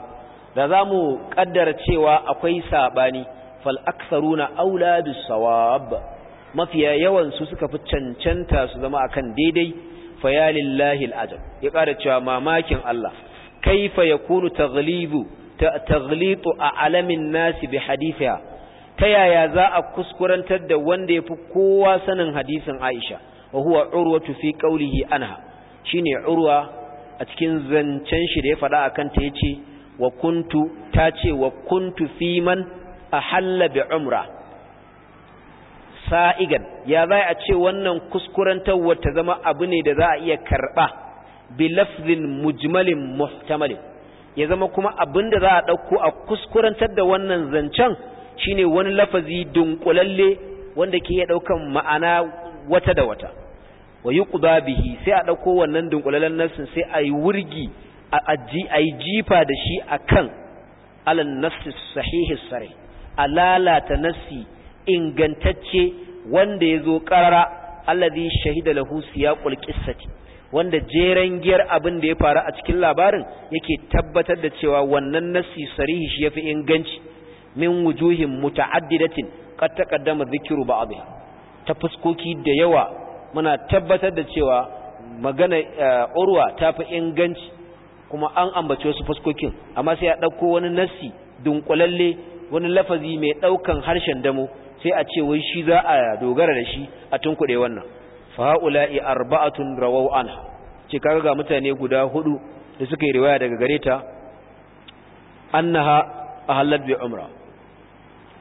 da zamu kaddara cewa akwai saɓani, fal na aula sawab mafiya yawan su suka fi cancanta su zama akan daidai lillahi al'ajab ya ƙara cewa mamakin Allah kaifa ya taghlibu taghlitu a alamin nasi hadisa hadithiha ta yaya za a kuskurantar da wanda yafi kowa sanin hadisin Aisha wa huwa urwatu fi qawlihi anha shine urwa a cikin zancen shi da ya faɗa akan ta yace wa kuntu ta ce wa kuntu fi man ahalla umra sa'igan ya za a ce wannan kuskurantar ta zama abu ne da za a iya karɓa bi mujmalin muhtamali ya zama kuma abin da za a ɗauko a kuskurantar da wannan zancen shine wani lafazi dunkulalle wanda ke iya ɗaukan ma'ana wata da wata wa yi bihi sai a ɗauko wannan dunkulallen nassin sai a yi wurgi a yi jifa da shi a kan alan nassi sahihi sare a lalata nassi ingantacce wanda ya zo ƙarara alladhi shahida lahu siyaqul qissati wanda jeren giyar abin da ya faru a cikin labarin yake tabbatar da cewa wannan nassi sarihi shi yafi inganci min wujuhin muta'addidatin qad taqaddama dhikru ba'dha ta fuskoki da yawa muna tabbatar da cewa magana eh, urwa tafi inganci kuma an ambace wasu fuskokin amma sai ya dauko wani nassi dunkulalle wani lafazi mai daukan harshen damo sai a ce wai shi za a dogara da shi a tunkuɗe wannan fa haula'i arba'atun rawau an ce ga mutane guda hudu da suka yi riwaya daga gare ta annaha ahallat bi umra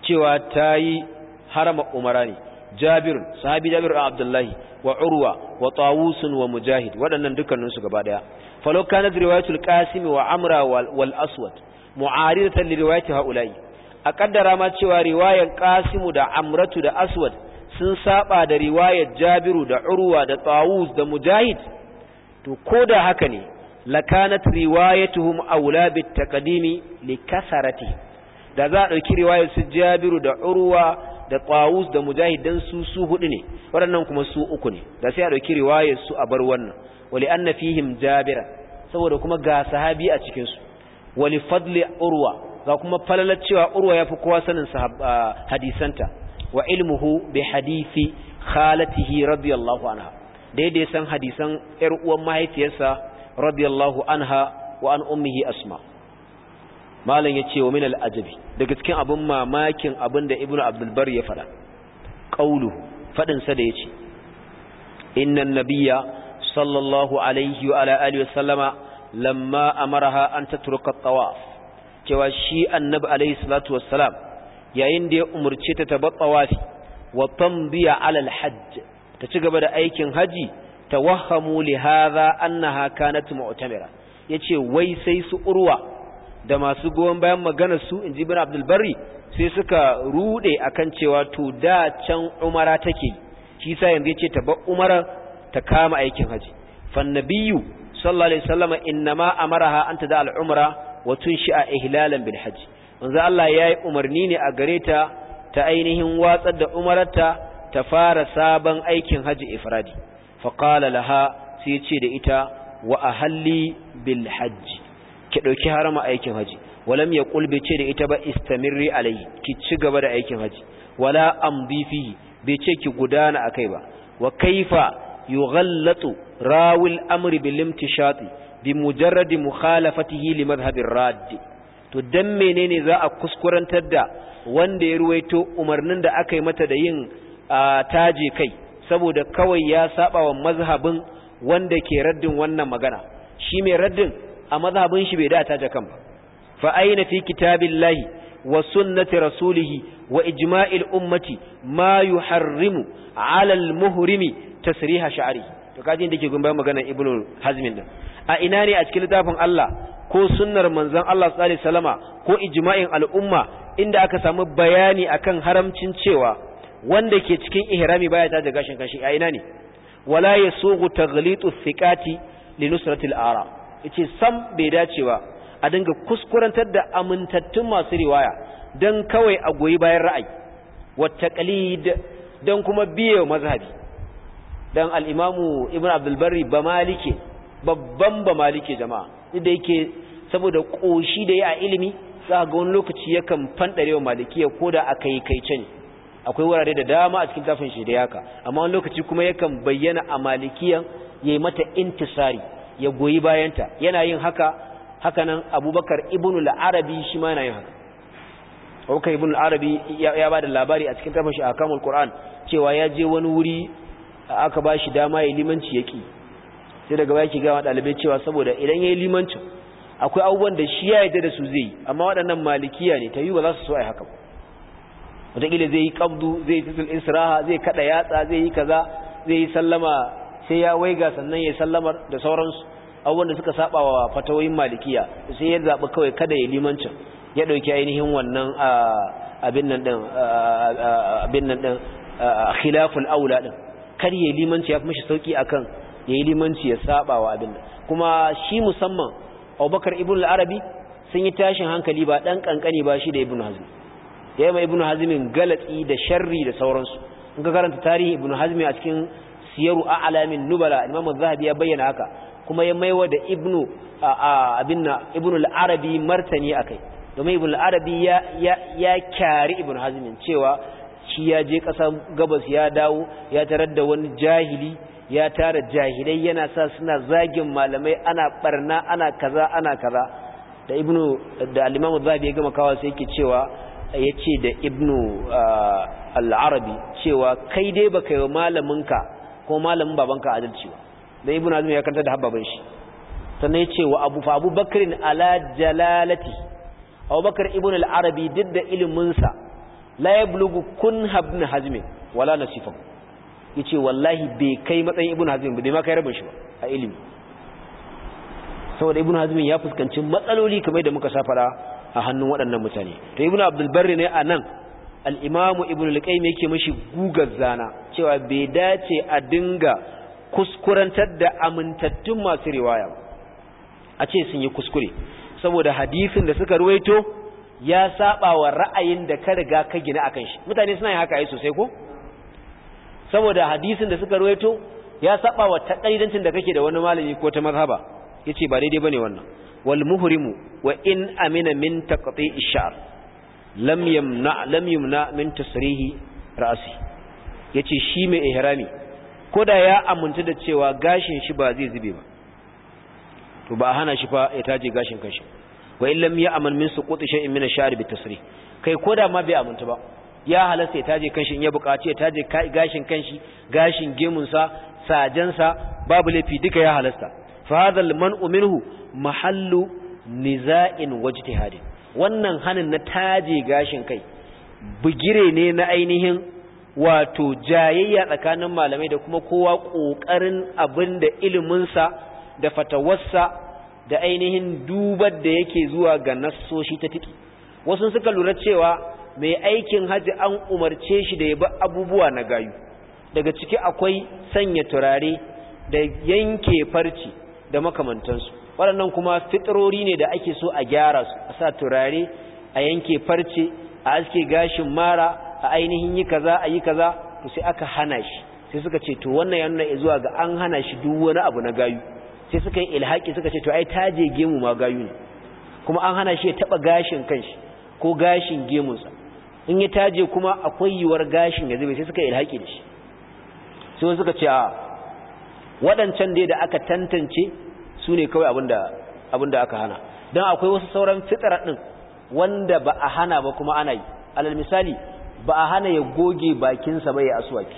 cewa tayi harama umara ne jabir sahabi jabir abdullahi wa urwa wa tawus wa mujahid waɗannan dukkanin su gaba daya falo kanar riwayatul qasim wa amra wal aswad mu'aridatan li riwayati haula'i a kaddara ma cewa riwayan kasimu da amratu da aswad sun saba da riwayar jabiru da urwa da tawus da mujahid to ko da haka ne lakanat riwayatuhum awla bit taqdimi likasarati da za a dauki riwayar su jabiru da urwa da tawus da mujahid dan su su hudu ne waɗannan kuma su uku ne da sai a dauki riwayar su a bar wannan wali anna fihim jabira saboda kuma ga sahabi a cikin su wali fadli urwa ga kuma falalar cewa urwa yafi kowa sanin hadisan hadisanta wa ilmuhu bi hadisi khalatihi radiyallahu anha daidai san hadisan yar uwan mahaifiyarsa radiyallahu anha wa an ummihi asma malam yace wa min al ajabi daga cikin abin mamakin abin da ibnu abdul bar ya fada qauluhu fadin sa da yace inna nabiyya sallallahu alaihi wa ala alihi wa lamma amaraha an tatruka at-tawaf cewa shi annabi Alayhi salatu wassalam yayin da ya umurce ta tabattawafi wa tambiya alal hajj ta ci gaba da aikin haji tawahhamu li hadha annaha kanat mu'tamira yace wai sai su urwa da masu goyon bayan maganar su inji ibn abdul barri sai suka rude akan cewa to da can umara take shi sa yanzu yace ta ba umara ta kama aikin haji fa nabiyyu sallallahu alaihi wasallama inma amaraha an da al umra wa tunshi'a ihlalan bil hajj manzo Allah ya yi umarni ne a gare ta ta ainihin watsar da umararta ta fara sabon aikin haji ifradi faƙala laha sai ce da ita wa ahalli bil hajji ki ɗauki harama aikin haji walam ya ƙulbe ce da ita ba istamirri alayhi ki ci gaba da aikin haji wala amdi fihi bai ce ki gudana akai ba wa kaifa yughallatu rawil amri bil imtishati bi mujarradi mukhalafatihi li madhhabir radd to dan menene za a kuskurantar da wanda ya ruwaito umarnin da aka yi mata da yin taje kai saboda kawai ya saba wa mazhabin wanda ke raddin wannan magana shi mai raddin a mazhabin shi bai da taje kan ba fa aina fi kitabillahi wa sunnati rasulihi wa ijma'il ummati ma yuharrimu 'ala al-muhrimi tasriha sha'ari. to kaji inda ke gun bayan maganar ibnu hazmin din a ina ne a cikin littafin Allah ko sunnar manzon Allah sallallahu alaihi wasallama ko ijma'in al'umma inda aka samu bayani akan haramcin cewa wanda ke cikin ihrami baya ta da gashin kanshi a ina ne wala yasughu taghlitu thiqati li nusrati al-ara yace sam bai dace ba a dinga kuskurantar da amintattun masu riwaya dan kawai a goyi bayan ra'ayi wa taqlid dan kuma biye mazhabi dan al'imamu imamu ibn abdul ba malike babban ba malike jama'a inda yake saboda koshi da ya a ilimi za ga wani lokaci yakan fandare wa malikiya da akai kai can akwai wurare da dama a cikin tafin shi da yaka amma wani lokaci kuma ya kan bayyana a malikiyan yayi mata intisari ya goyi bayanta yana yin haka hakanan abubakar ibn al-arabi shi ma yana yin haka abubakar ibn al-arabi ya, ba da labari a cikin tafin shi a kamul qur'an cewa ya je wani wuri aka ba shi dama ya limanci ya ƙi sai daga baya ki gawa ɗalibai cewa saboda idan ya yi limancin akwai abubuwan da shi ya yarda da su zai yi amma waɗannan malikiya ne ta yi ba za su so a yi haka wataƙila zai yi ƙabdu zai yi titul israha zai kaɗa yatsa zai yi kaza zai yi sallama sai ya waiga sannan ya sallamar da sauransu abubuwan da suka saba wa fatawoyin malikiya sai ya zaɓi kawai kada ya limancin ya ɗauki ainihin wannan ah, abin nan ɗin ah, ah, khilaful aula ɗin kar yi limanci ya fi mashi sauki ya yi limanci ya saba wa abin kuma shi musamman Abubakar ibn al sun yi tashin hankali ba ɗan kankani ba shi da Ibn ya yi ma Ibn al-Hazmin galatsi da sharri da sauransu in ka karanta tarihi Ibn hazmi a cikin siyaru a'lamin nubala Imam zahabi ya bayyana haka kuma ya maiwa da Ibn abin al-Arabi martani akai domin Ibn al ya kyari Ibn hazmin cewa shi ya je ƙasa gabas ya dawo ya tarar da wani jahili ya tara jahilai yana sa suna zagin malamai ana barna ana kaza ana kaza da ibnu da al-imam zabi ya gama kawo sai yake cewa yace da ibnu al-arabi cewa kai dai baka yi malaminka ko malamin babanka adalci ba da ibnu azmi ya kanta da habbaban shi sannan yace wa abu fa abu bakrin ala jalalati abu bakar ibnu al-arabi duk da iliminsa. sa la bulugu kun hazmin wala nasifan yace wallahi bai kai matsayin ibn hazmin bai ma kai rabin shi ba a ilimi saboda ibn hazmin ya fuskanci matsaloli kamar da muka safara a hannun waɗannan mutane to ibn abdul barri ne anan al-imam ibn al-qayyim yake mashi gugar zana cewa bai dace a dinga kuskurantar da amintattun masu riwaya a ce sun yi kuskure saboda hadisin da suka ruwaito ya saba wa ra'ayin da ka riga ka gina akan shi mutane suna yin haka ai sosai ko saboda hadisin da suka ruwaito ya saba wa takaidancin da kake da wani malami ko ta mazhaba yace ba daidai bane wannan wal muhrimu wa in amina min taqti'i sha'r lam yamna lam yumna min tasrihi ra'si yace shi mai ihrami koda ya amince da cewa gashin shi ba zai zube ba to ba hana shi fa ya taje gashin kanshi wa illam ya'man min suqut shay'in min ash-sha'ri bitasrih kai koda ma bai amintu ba ya halasta ya taje kanshi in ya buƙaci ya taje gashin kanshi gashin sajan sa babu laifi duka ya halasta fa hadhal manu minhu mahallu niza'in wajtihad wannan hanin na taje gashin kai bugire ne na ainihin wato jayayya tsakanin malamai da kuma kowa kokarin abinda iliminsa da fatawarsa da ainihin dubar da yake zuwa ga nassoshi ta tiki wasu suka lura cewa mai aikin haji an umarce shi da ya bi abubuwa na gayu daga ciki akwai sanya turare da yanke farci da makamantansu waɗannan kuma fitrori ne da ake so a gyara su a sa turare a yanke farce a aske gashin mara a ainihin yi kaza a yi kaza to sai aka hana shi sai suka ce to wannan yana zuwa ga an hana shi duk wani abu na gayu sai suka yi ilhaki suka ce to ai taje gemu ma gayu ne kuma an hana shi ya taba gashin kanshi ko gashin sa in ya taje kuma akwai yiwuwar gashin ya zube sai suka yi ilhaki da shi sai suka ce a waɗancan dai da aka tantance su ne kawai abinda aka hana don akwai wasu sauran fitar ɗin wanda ba a hana ba kuma ana yi alal misali ba a hana ya goge bakinsa ba ya aswaki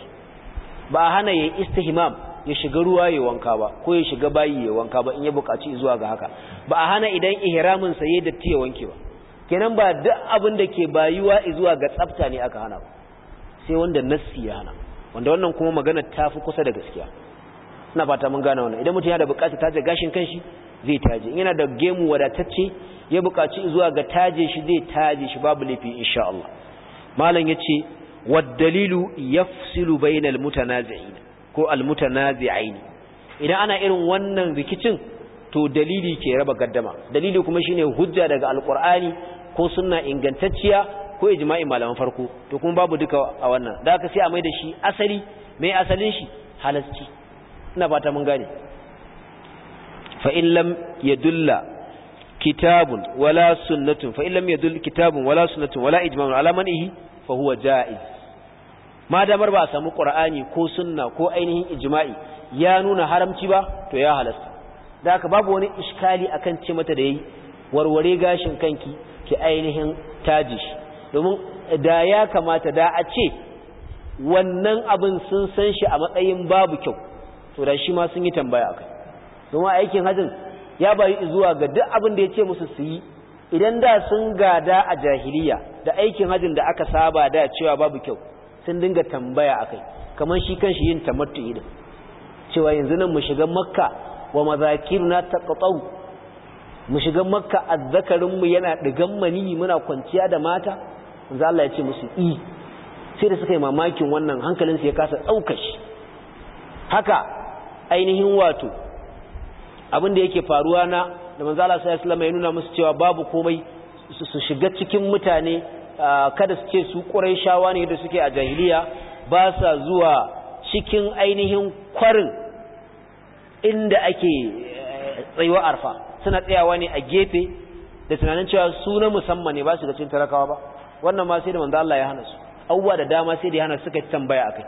ba a hana ya istihmam ya shiga ruwa ya wanka ba ko ya shiga bayi ya wanka ba in ya buƙaci zuwa ga haka ba a hana idan ihramin sa yayin datti ya wanke ba kenan ba duk abin da ke bayuwa zuwa ga tsafta ne aka hana ba sai wanda nassi ya hana wanda wannan kuma magana ta fi kusa da gaskiya ina fata mun gane wannan idan mutum yana da buƙatar taje gashin kanshi zai taje in yana da gemu wadatacce ya buƙaci zuwa ga taje shi zai taje shi babu laifi insha Allah malam yace wad dalilu yafsilu bainal mutanazi'in ko almutanazi'ain idan ana irin wannan rikicin to dalili ke raba gaddama dalili kuma shine hujja daga alqur'ani ko sunna ingantacciya ko ijma'i malaman farko to kuma babu duka a wannan da haka sai a mai da shi asali mai asalin shi halasci ina fata mun gane fa in lam yadulla kitabun wala sunnatun fa in lam yadulla kitabun wala sunnatun wala ijma'un ala man'ihi fa huwa ja'iz ma damar ba a samu qur'ani ko sunna ko ainihin ijma'i ya nuna haramci ba to ya halasta da haka babu wani iskali akan ce mata da yi warware gashin kanki ki ainihin taji domin da ya kamata da a ce wannan abin sun san shi a matsayin babu kyau to da shi ma sun yi tambaya akai domin aikin hajjin ya bayi zuwa ga duk abin da ya ce musu su yi idan da sun gada a jahiliya da aikin hajjin da aka saba da cewa babu kyau sun dinga tambaya a kai kamar shi kan shi yin tamattu idan cewa yanzu nan mu shiga makka wa na taqataru mu shiga makka azzakarin mu yana ɗigan mani muna kwanciya da mata za Allah ya ce musu i sai da suka yi mamakin wannan hankalinsu ya kasa daukar shi haka ainihin wato abin da yake faruwa na da manzala sai ya nuna musu cewa babu komai su shiga cikin mutane kada su ce su ƙurayshawa ne da suke a jahiliya ba sa zuwa cikin ainihin kwarin inda ake eh, tsayuwa arfa suna tsayawa ne a gefe da tunanin cewa su na musamman ne ba su ga cin talakawa ba wannan ma sai da manzo Allah ya hana su abubuwa da dama sai da ya hana suka yi tambaya a kai.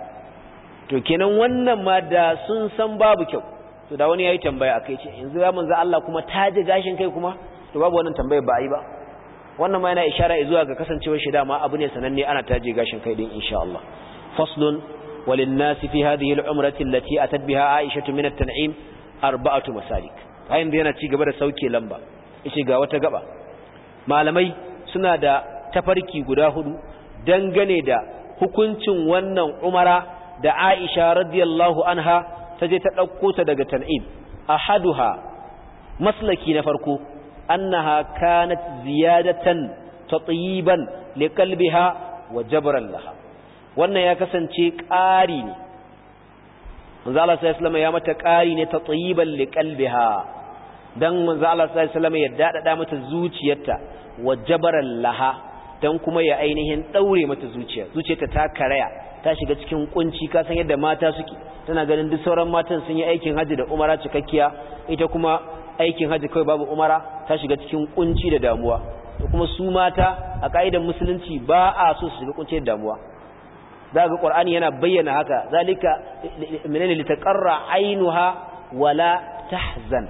to kenan wannan ma da sun san babu kyau to da wani ya yi tambaya a kai ce yanzu ya manzo Allah kuma ta ji gashin kai kuma to babu wannan tambayar ba yi ba wannan ma yana ishara zuwa ga kasancewar shi dama abu ne sananne ana taje gashin kai din insha Allah faslun وللناس في هذه العمرة التي أتت بها عائشة من التنعيم أربعة مسالك هاين دينا تيغبا da sauke lamba ishi ga wata gaba malamai suna da tafarki guda hudu dangane da hukuncin wannan umara da Aisha radiyallahu anha ta je ta dauko ta daga Tan'im ahaduha maslaki na farko أنها كانت زيادة tatyiban لقلبها wa لها laha wannan ya kasance ƙari ne manzo Allah sallallahu ya mata ƙari ne tatyiban liqalbiha dan manzo Allah sallallahu ya dadada mata zuciyarta wa jabran laha dan kuma ya ainihin daure mata zuciya zuciyarta ta karaya ta shiga cikin kunci ka san yadda mata suke tana ganin duk sauran matan sun yi aikin haji da umara cikakkiya ita kuma aikin haji kawai babu umara ta shiga cikin kunci da damuwa to kuma su mata a ka'idar musulunci ba a so su shiga kunci da damuwa za ga qur'ani yana bayyana haka zalika menene litaqarra aynuha wala tahzan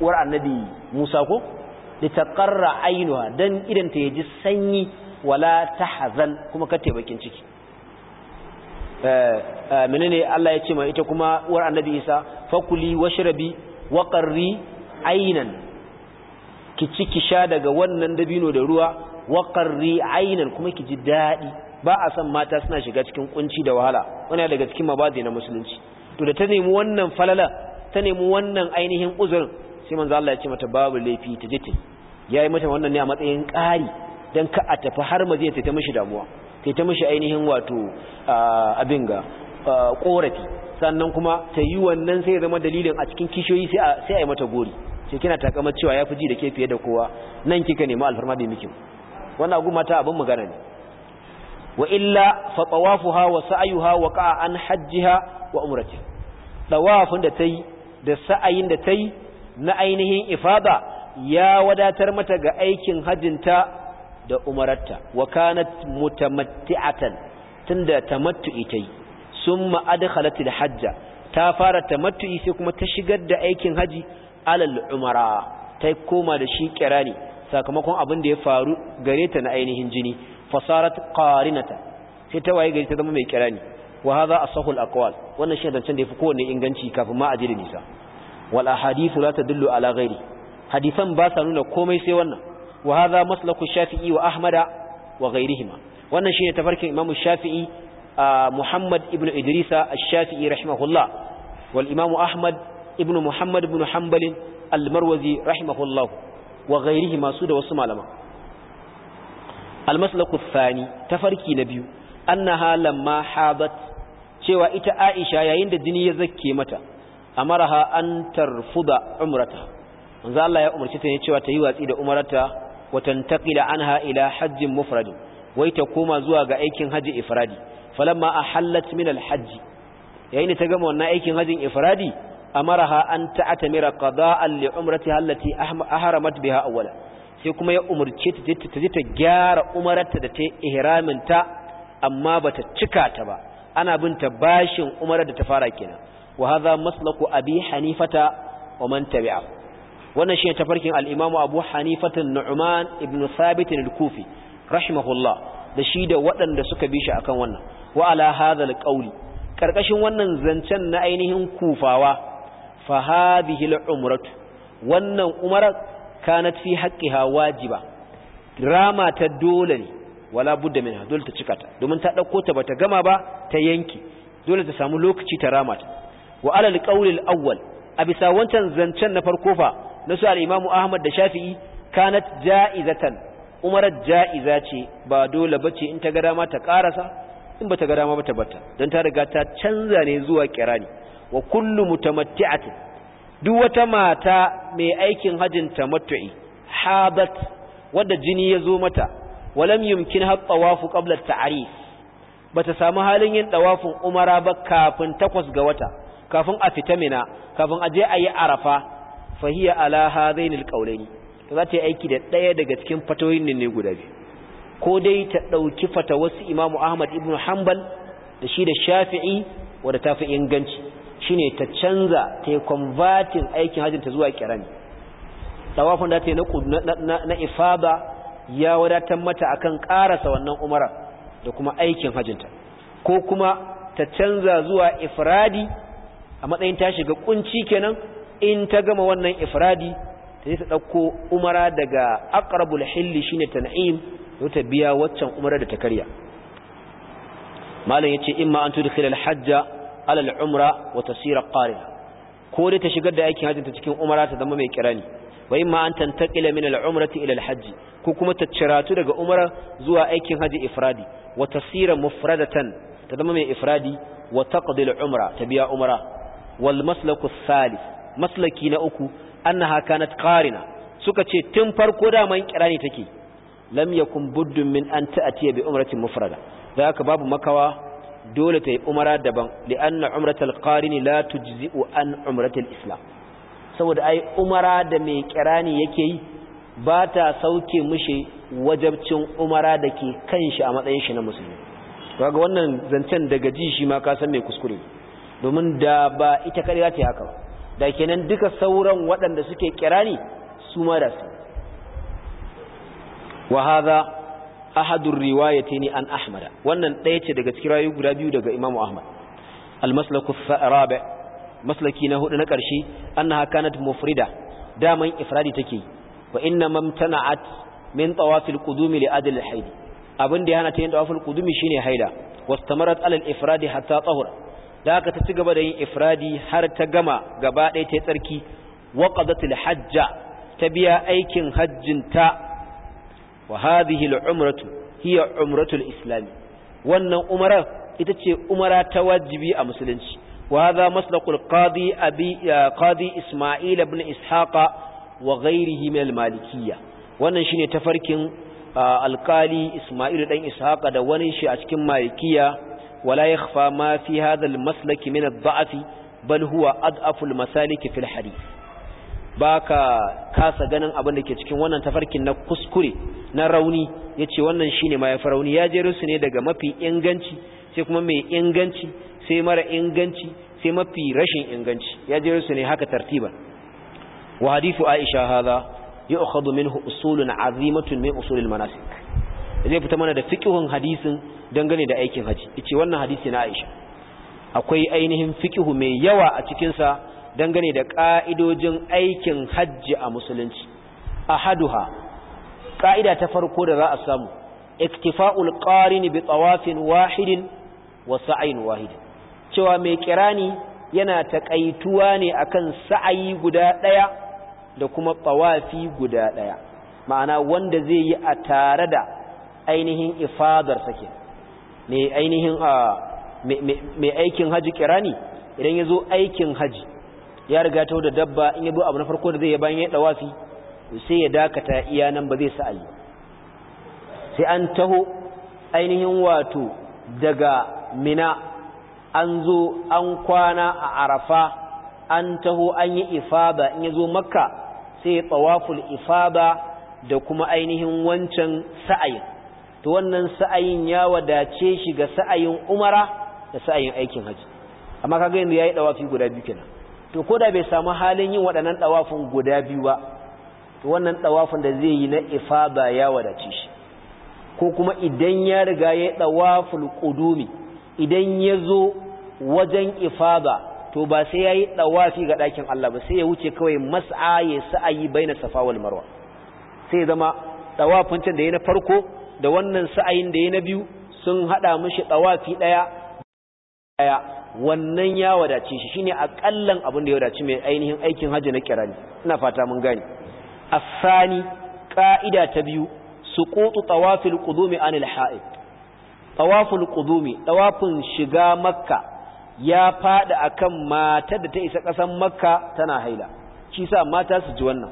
uwar annabi Musa ko litaqarra aynuha dan idan ta yaji sanyi wala tahzan kuma ka bakin ciki eh, eh, menene Allah ya ce ma ita kuma uwar annabi Isa fakuli washrabi waqri aynan ki ci ki sha daga wannan dabino da ruwa wa qarri aynan kuma ki ji dadi ba a san mata suna shiga cikin kunci da wahala wannan daga cikin mabadi na musulunci to da ta nemi wannan falala ta nemi wannan ainihin uzurin sai manzo Allah ya ce mata babu laifi ta je yayi mata wannan ne a matsayin kari dan ka a tafi har ma zai ta mishi damuwa ta ta mishi ainihin wato abin ga korafi sannan kuma ta yi wannan sai ya zama dalilin a cikin kishiyoyi sai a yi mata gori ce kina takamar cewa ya fi ji da ke fiye da kowa nan kika nemi alfarma bai miki wannan abu mata abin magana ne wa illa fa tawafuha wa sa'yuha wa qa'a an hajjiha wa umrati tawafin da tayi da sa'ayin da tayi na ainihin ifada ya wadatar mata ga aikin hajjinta da umararta wa kanat mutamatti'atan tunda tamattu'i tayi summa adkhalat da hajja ta fara tamattu'i sai kuma ta shigar da aikin haji alal umara ta koma da shi kirani sakamakon abin da ya faru gare ta na ainihin jini fasarat qarinata sai ta waye gari ta zama mai kirani wa hadha asahul aqwal wannan shi zancen da yafi kowanne inganci kafin ma aje da nisa wal ahadithu la tadullu ala ghairi hadisan ba sa nuna komai sai wannan wa hadha maslaku shafi'i wa ahmada wa ghairihima wannan shine tafarkin imamu shafi'i muhammad ibnu idrisa ash-shafi'i rahimahullah wal imamu ahmad ibnu muhammad ibn hanbalin almarwazi marwazi rahimahullah wa ghairihi masu da wasu malama al-maslaku thani tafarki na biyu annaha lamma habat cewa ita aisha yayin da jini ya zakke mata amaraha an tarfuda umrata manzo Allah ya umarci ta ne cewa ta yi watsi da umrata wa tantaqila anha ila hajjin mufrad wai ta koma zuwa ga aikin haji ifradi falamma ahallat min al-hajj yayin da ta gama wannan aikin hajjin ifradi amaraha an ta'tamira qada'an li umratiha allati ahramat biha sai kuma ya umarci ta ta je ta gyara umararta da ta ihramin ta amma bata cika ta ba ana ta bashin umarar da ta fara kenan wa hadha maslaku abi hanifata wa man tabi'a wannan shine tafarkin al-imamu abu hanifata nu'man ibn thabit al-kufi rahimahullah da shi da waɗanda suka bi shi akan wannan wa ala hadha al-qawli karkashin wannan zancen na ainihin kufawa fa hadhihi al-umratu wannan umara kanat fi haqqiha wajiba rama ta dole ne wala budda minha dole ta cika ta domin ta dauko ta bata gama ba ta yanki dole ta samu lokaci ta rama ta wa ala al-qawl al-awwal abisa wancan zancen na farko fa na su al-imamu ahmad da shafi'i kanat ja'izatan umarar ja'iza ce ba dole bace in ta ga dama ta karasa in bata ga dama bata bata don ta riga ta canza ne zuwa kirani wa kullu mutamatti'ati duk wata mata mai aikin hajin tamattu'i habat wanda jini ya zo mata walam yumkin hattawafu qabla ta'rif bata samu halin yin tawafin umara ba kafin takwas ga wata kafin a fita mina kafin a je a yi arafa fahiya ala hadainil qawlaini to zata yi aiki da ɗaya daga cikin fatawoyin ne guda biyu ko dai ta ɗauki wasu imamu ahmad ibn hanbal da shi da shafi'i wadda tafi inganci shine ta canza ta yi konvatin aikin hajji ta zuwa kirani tawafin da ta yi na ifada ya wadatar mata akan karasa wannan umara da kuma aikin hajjinta ko kuma ta canza zuwa ifradi a matsayin ta shiga kunci kenan in ta gama wannan ifradi ta yi ta ɗauko umara daga akarabul hilli shine na'im da ta biya waccan umara da ta karya malam yace ma an tudkhila khilal hajja alal umra wa tasira qariha ko dai ta shigar da aikin hajjinta cikin umara ta zama mai kirani wa imma an tantaqila min al umrati ila al ko kuma ta ciratu daga umara zuwa aikin hajji ifradi wa tasira mufradatan ta zama mai ifradi wa taqdi al umra ta biya umara wal maslaku thalith maslaki na uku annaha kanat qarina suka ce tun farko da man kirani take lam yakun buddun min an ta'tiya bi umratin mufrada da haka babu makawa dole ta yi umara daban na umaratar karini la tujzi'u an umaratar islam saboda ai umara da mai kirani yake yi ba ta sauke mishi wajabcin umara da ke kanshi a matsayin shi na musulmi ga wannan zancen daga ji shi ma ka mai kuskure domin da ba ita kadai za ta haka ba da kenan duka sauran waɗanda suke kirani su ma da su ahadur riwayatayn an ahmad wannan ɗaya ce daga cikin rayu guda biyu daga imamu ahmad al-maslaku maslaki na hudu na ƙarshe annaha kanat mufrida daman ifradi take wa inna mamtana'at min tawafil qudumi li adl al abin da ya hana ta yin tawafil qudumi shine haida wastamarat ala ifradi hatta tahura da haka ta ci gaba da yin ifradi har ta gama gaba ɗaya ta tsarki wa qadatil hajja ta biya aikin hajjin ta wa hadhihi al-umratu hiya umratul islam wannan umara ita ce umara ta wajibi a musulunci wa hadha maslaqul qadi abi qadi isma'il ibn ishaqa wa ghayrihi min al-malikiyya wannan shine tafarkin alkali isma'il dan ishaqa da wani shi a cikin malikiya wala yakhfa ma fi hadha al-maslaki min ad-da'fi bal huwa ad'aful masaliki fil hadith baka kasa ganin abin da ke cikin wannan tafarkin na kuskure na rauni Ya ce wannan shi ne yafi rauni ya jero su ne daga mafi inganci sai kuma mai inganci sai mara inganci sai mafi rashin inganci ya jero su ne haka tartiba wa hadithu aisha ya ukhadu minhu usulun azimatun min usulil manasik zai fita mana da fiqhun hadisin dangane da aikin haji yace wannan hadisi na aisha akwai ainihin fiqhu mai yawa a cikin sa dangane da ƙa'idojin aikin hajji a musulunci a ahaduha ƙa'ida ta farko da za a samu iktifa'ul ni bi tsawafin wahidin wa sa’ayin wahidin cewa mai kirani yana taƙaituwa ne a kan sa'ayi guda ɗaya da kuma tsawafi guda ɗaya ma'ana wanda zai yi a tare da ainihin ifadar sake ah, mai aikin haji kirani idan ya zo aikin haji ya riga ta da dabba in ya bi abu na farko da zai ya bayan ya fi sai ya dakata iya nan ba zai sa'ayi sai an taho ainihin wato daga mina an zo an kwana a arafa an taho an yi ifada in ya zo makka sai ya tsawaful ifada da kuma ainihin wancan sa'ayi to wannan sa'ayin ya wadace shi ga sa'ayin umara da sa'ayin aikin Hajji amma kaga yanzu yayi dawafi guda biyu kenan to ko da bai samu halin yin waɗannan ɗawafin guda biyu ba to wannan ɗawafin da zai yi na ba ya wadace shi ko kuma idan ya riga ya ɗawaful ƙudumi idan ya zo wajen Ifa ba to ba sai ya yi ɗawafi ga ɗakin Allah ba sai ya wuce kawai mas'a ya sa'ayi bai na safa wal marwa sai ya zama ɗawafin can da ya na farko da wannan sa'ayin da ya na biyu sun haɗa mushi ɗawafi ɗaya daya wannan ya wadace shi shine akallan abin da ya wadace mai ainihin aikin haji na kirani ina fata mun gane asani ƙa'ida ta biyu suqutu tawafil qudumi anil ha'id tawaful qudumi tawafin shiga makka ya fada akan matar da ta isa kasan makka tana haila shi sa mata su ji wannan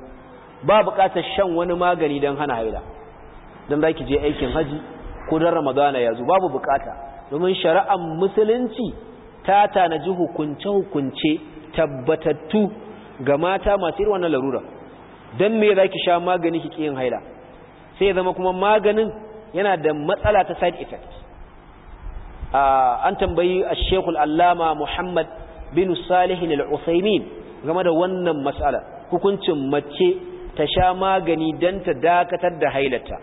ba buƙatar shan wani magani don hana haila don zaki je aikin haji ko don ramadana ya zo babu buƙata domin shari'ar musulunci ta tanaji hukunce-hukunce tabbatattu ga mata masu irin wannan larura don me za ki sha magani ki ƙiyin haila sai zama kuma maganin yana da matsala ta side effect an tambayi a shekul allama muhammad bin salihin al'usaimin game da wannan matsala hukuncin mace ta sha magani don ta dakatar da hailata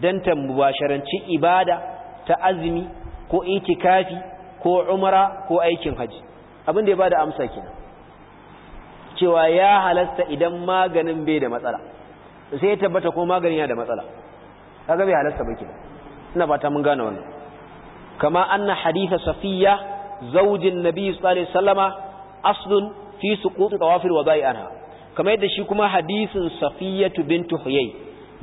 don ta mubasharanci ibada ta azumi ko itikafi ko umara ko aikin haji abin da ya bada amsa kenan cewa ya halasta idan maganin bai da matsala sai ya tabbata ko maganin yana da matsala kaga bai halasta ba kenan ina fata mun gane wannan kama anna haditha safiya zaujin nabi sallallahu alaihi wasallama aslun fi suqut tawafil wada'i anha Kama yadda shi kuma hadisin safiyatu bintu huyay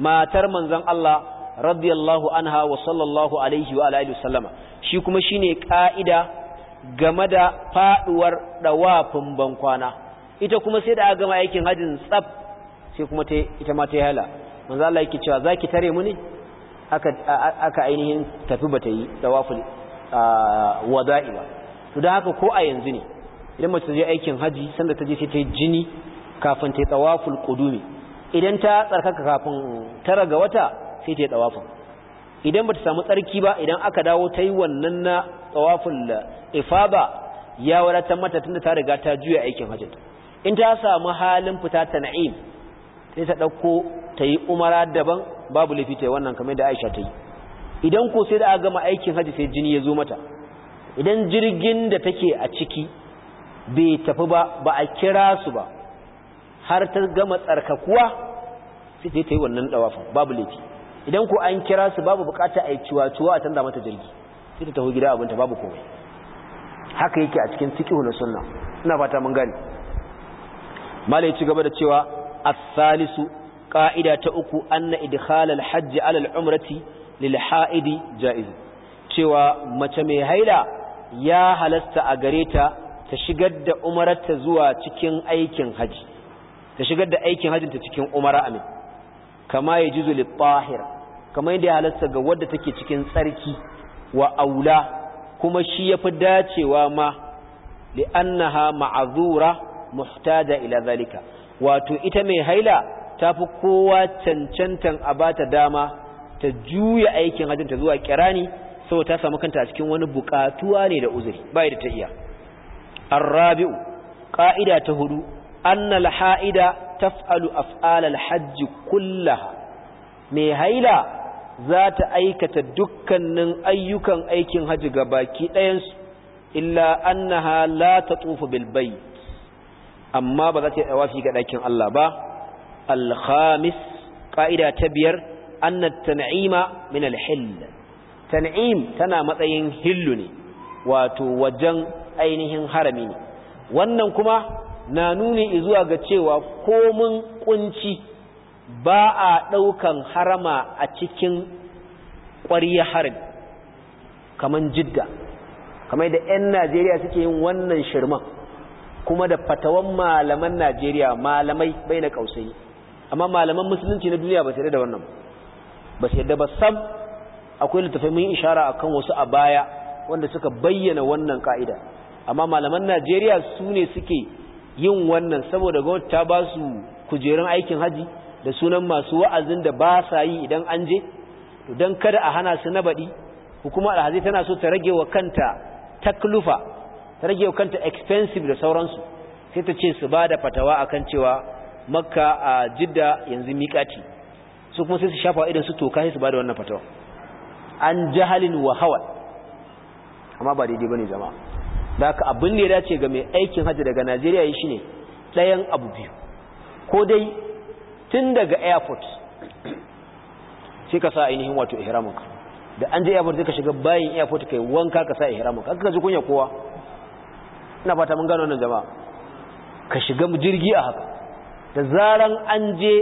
matar manzon Allah radiyallahu anha wa sallallahu alaihi wa alihi sallama shi kuma shine ka'ida game da faduwar dawafin bankwana ita kuma sai da gama aikin hajjin tsaf sai kuma ta ita ma ta hala manzo Allah yake cewa zaki tare mu ne aka aka ainihin tafi bata yi dawafin wada'i ba to dan haka ko a yanzu ne idan mace ta je aikin haji sanda ta je sai ta yi jini kafin ta yi tsawaful qudumi idan ta tsarkaka kafin tara ga wata sai ta yi tsawafin idan ba ta samu tsarki ba idan aka dawo ta yi wannan na tsawafin da ifaba ya wadatar mata da ta riga ta juya aikin hajji in ta samu halin fita ta na'im sai ta ɗauko ta yi umara daban babu laifi ta yi wannan kamar da aisha ta yi idan ko sai da aka gama aikin hajji sai jini ya zo mata idan jirgin da take a ciki bai tafi ba ba a kira su ba har ta gama tsarkakuwa sai ta yi wannan tsawafin babu laifi idan ko an kira su babu bukata a yi ciwa-ciwa a canza mata jirgi sai ta taho gida abinta babu komai haka yake a cikin fiqhu hula sunna ina fata mun gani. mala ya ci gaba da cewa a salisu ƙa'ida ta uku anna na idi halal hajji alal umrati lil ha'idi jaiz cewa mace mai haila ya halasta a gare ta ta shigar da umararta zuwa cikin aikin haji ta shigar da aikin hajjinta cikin umara amin kama ya ji li kamar yadda ya halasta ga wadda take cikin tsarki wa aula kuma shi ya fi dacewa ma li'annaha ma'azura muhtaja ila zalika wato ita mai haila ta fi kowa cancantan a bata dama ta juya aikin hajjin ta zuwa kirani sau ta samu kanta a cikin wani bukatuwa ne da uzuri bai da ta iya arrabi'u ka'ida ta hudu annal ha'ida taf'alu al hajji kullaha mai haila za ta aikata dukkanin ayyukan aikin hajji ga baki ɗayansu illa annaha la ta tsufa bilbai amma ba za ta yi tsawafi ga ɗakin Allah ba alhamis ƙa'ida ta biyar annat tan'ima min alhill tan'im tana matsayin hillu ne wato wajen ainihin harami ne wannan kuma na nuni zuwa ga cewa komin ƙunci ba a ɗaukan harama a cikin ƙwariya harin kamar jidda kamar da 'yan najeriya suke yin wannan shirman kuma da fatawan malaman najeriya malamai bai na ƙausai amma malaman musulunci na duniya ba su da wannan ba su yadda ba sam akwai littafai mun ishara akan wasu a baya wanda suka bayyana wannan ka'ida amma malaman najeriya su ne suke yin wannan saboda gwamnati ta ba su kujerun aikin haji da sunan masu wa'azin da ba sa yi idan an je to don kada a hana su na baɗi hukuma alhazi tana so ta rage wa kanta taklufa ta rage wa kanta expensive da sauransu sai ta ce su ba da fatawa kan cewa maka a jidda yanzu miƙaci su kuma sai su shafa idan su toka sai su ba da wannan fatawa an jahalin wa amma ba daidai ba ne zama da ka abin da ya dace ga mai aikin hajji daga najeriya ya shi ne ɗayan abu biyu ko dai tun daga airport sai ka sa ainihin wato ihramin da an je airport sai ka shiga bayan airport kai wanka ka sa ihramin ka ji kunya kowa ina fata mun gano nan jama'a ka shiga jirgi a haka da zaran an je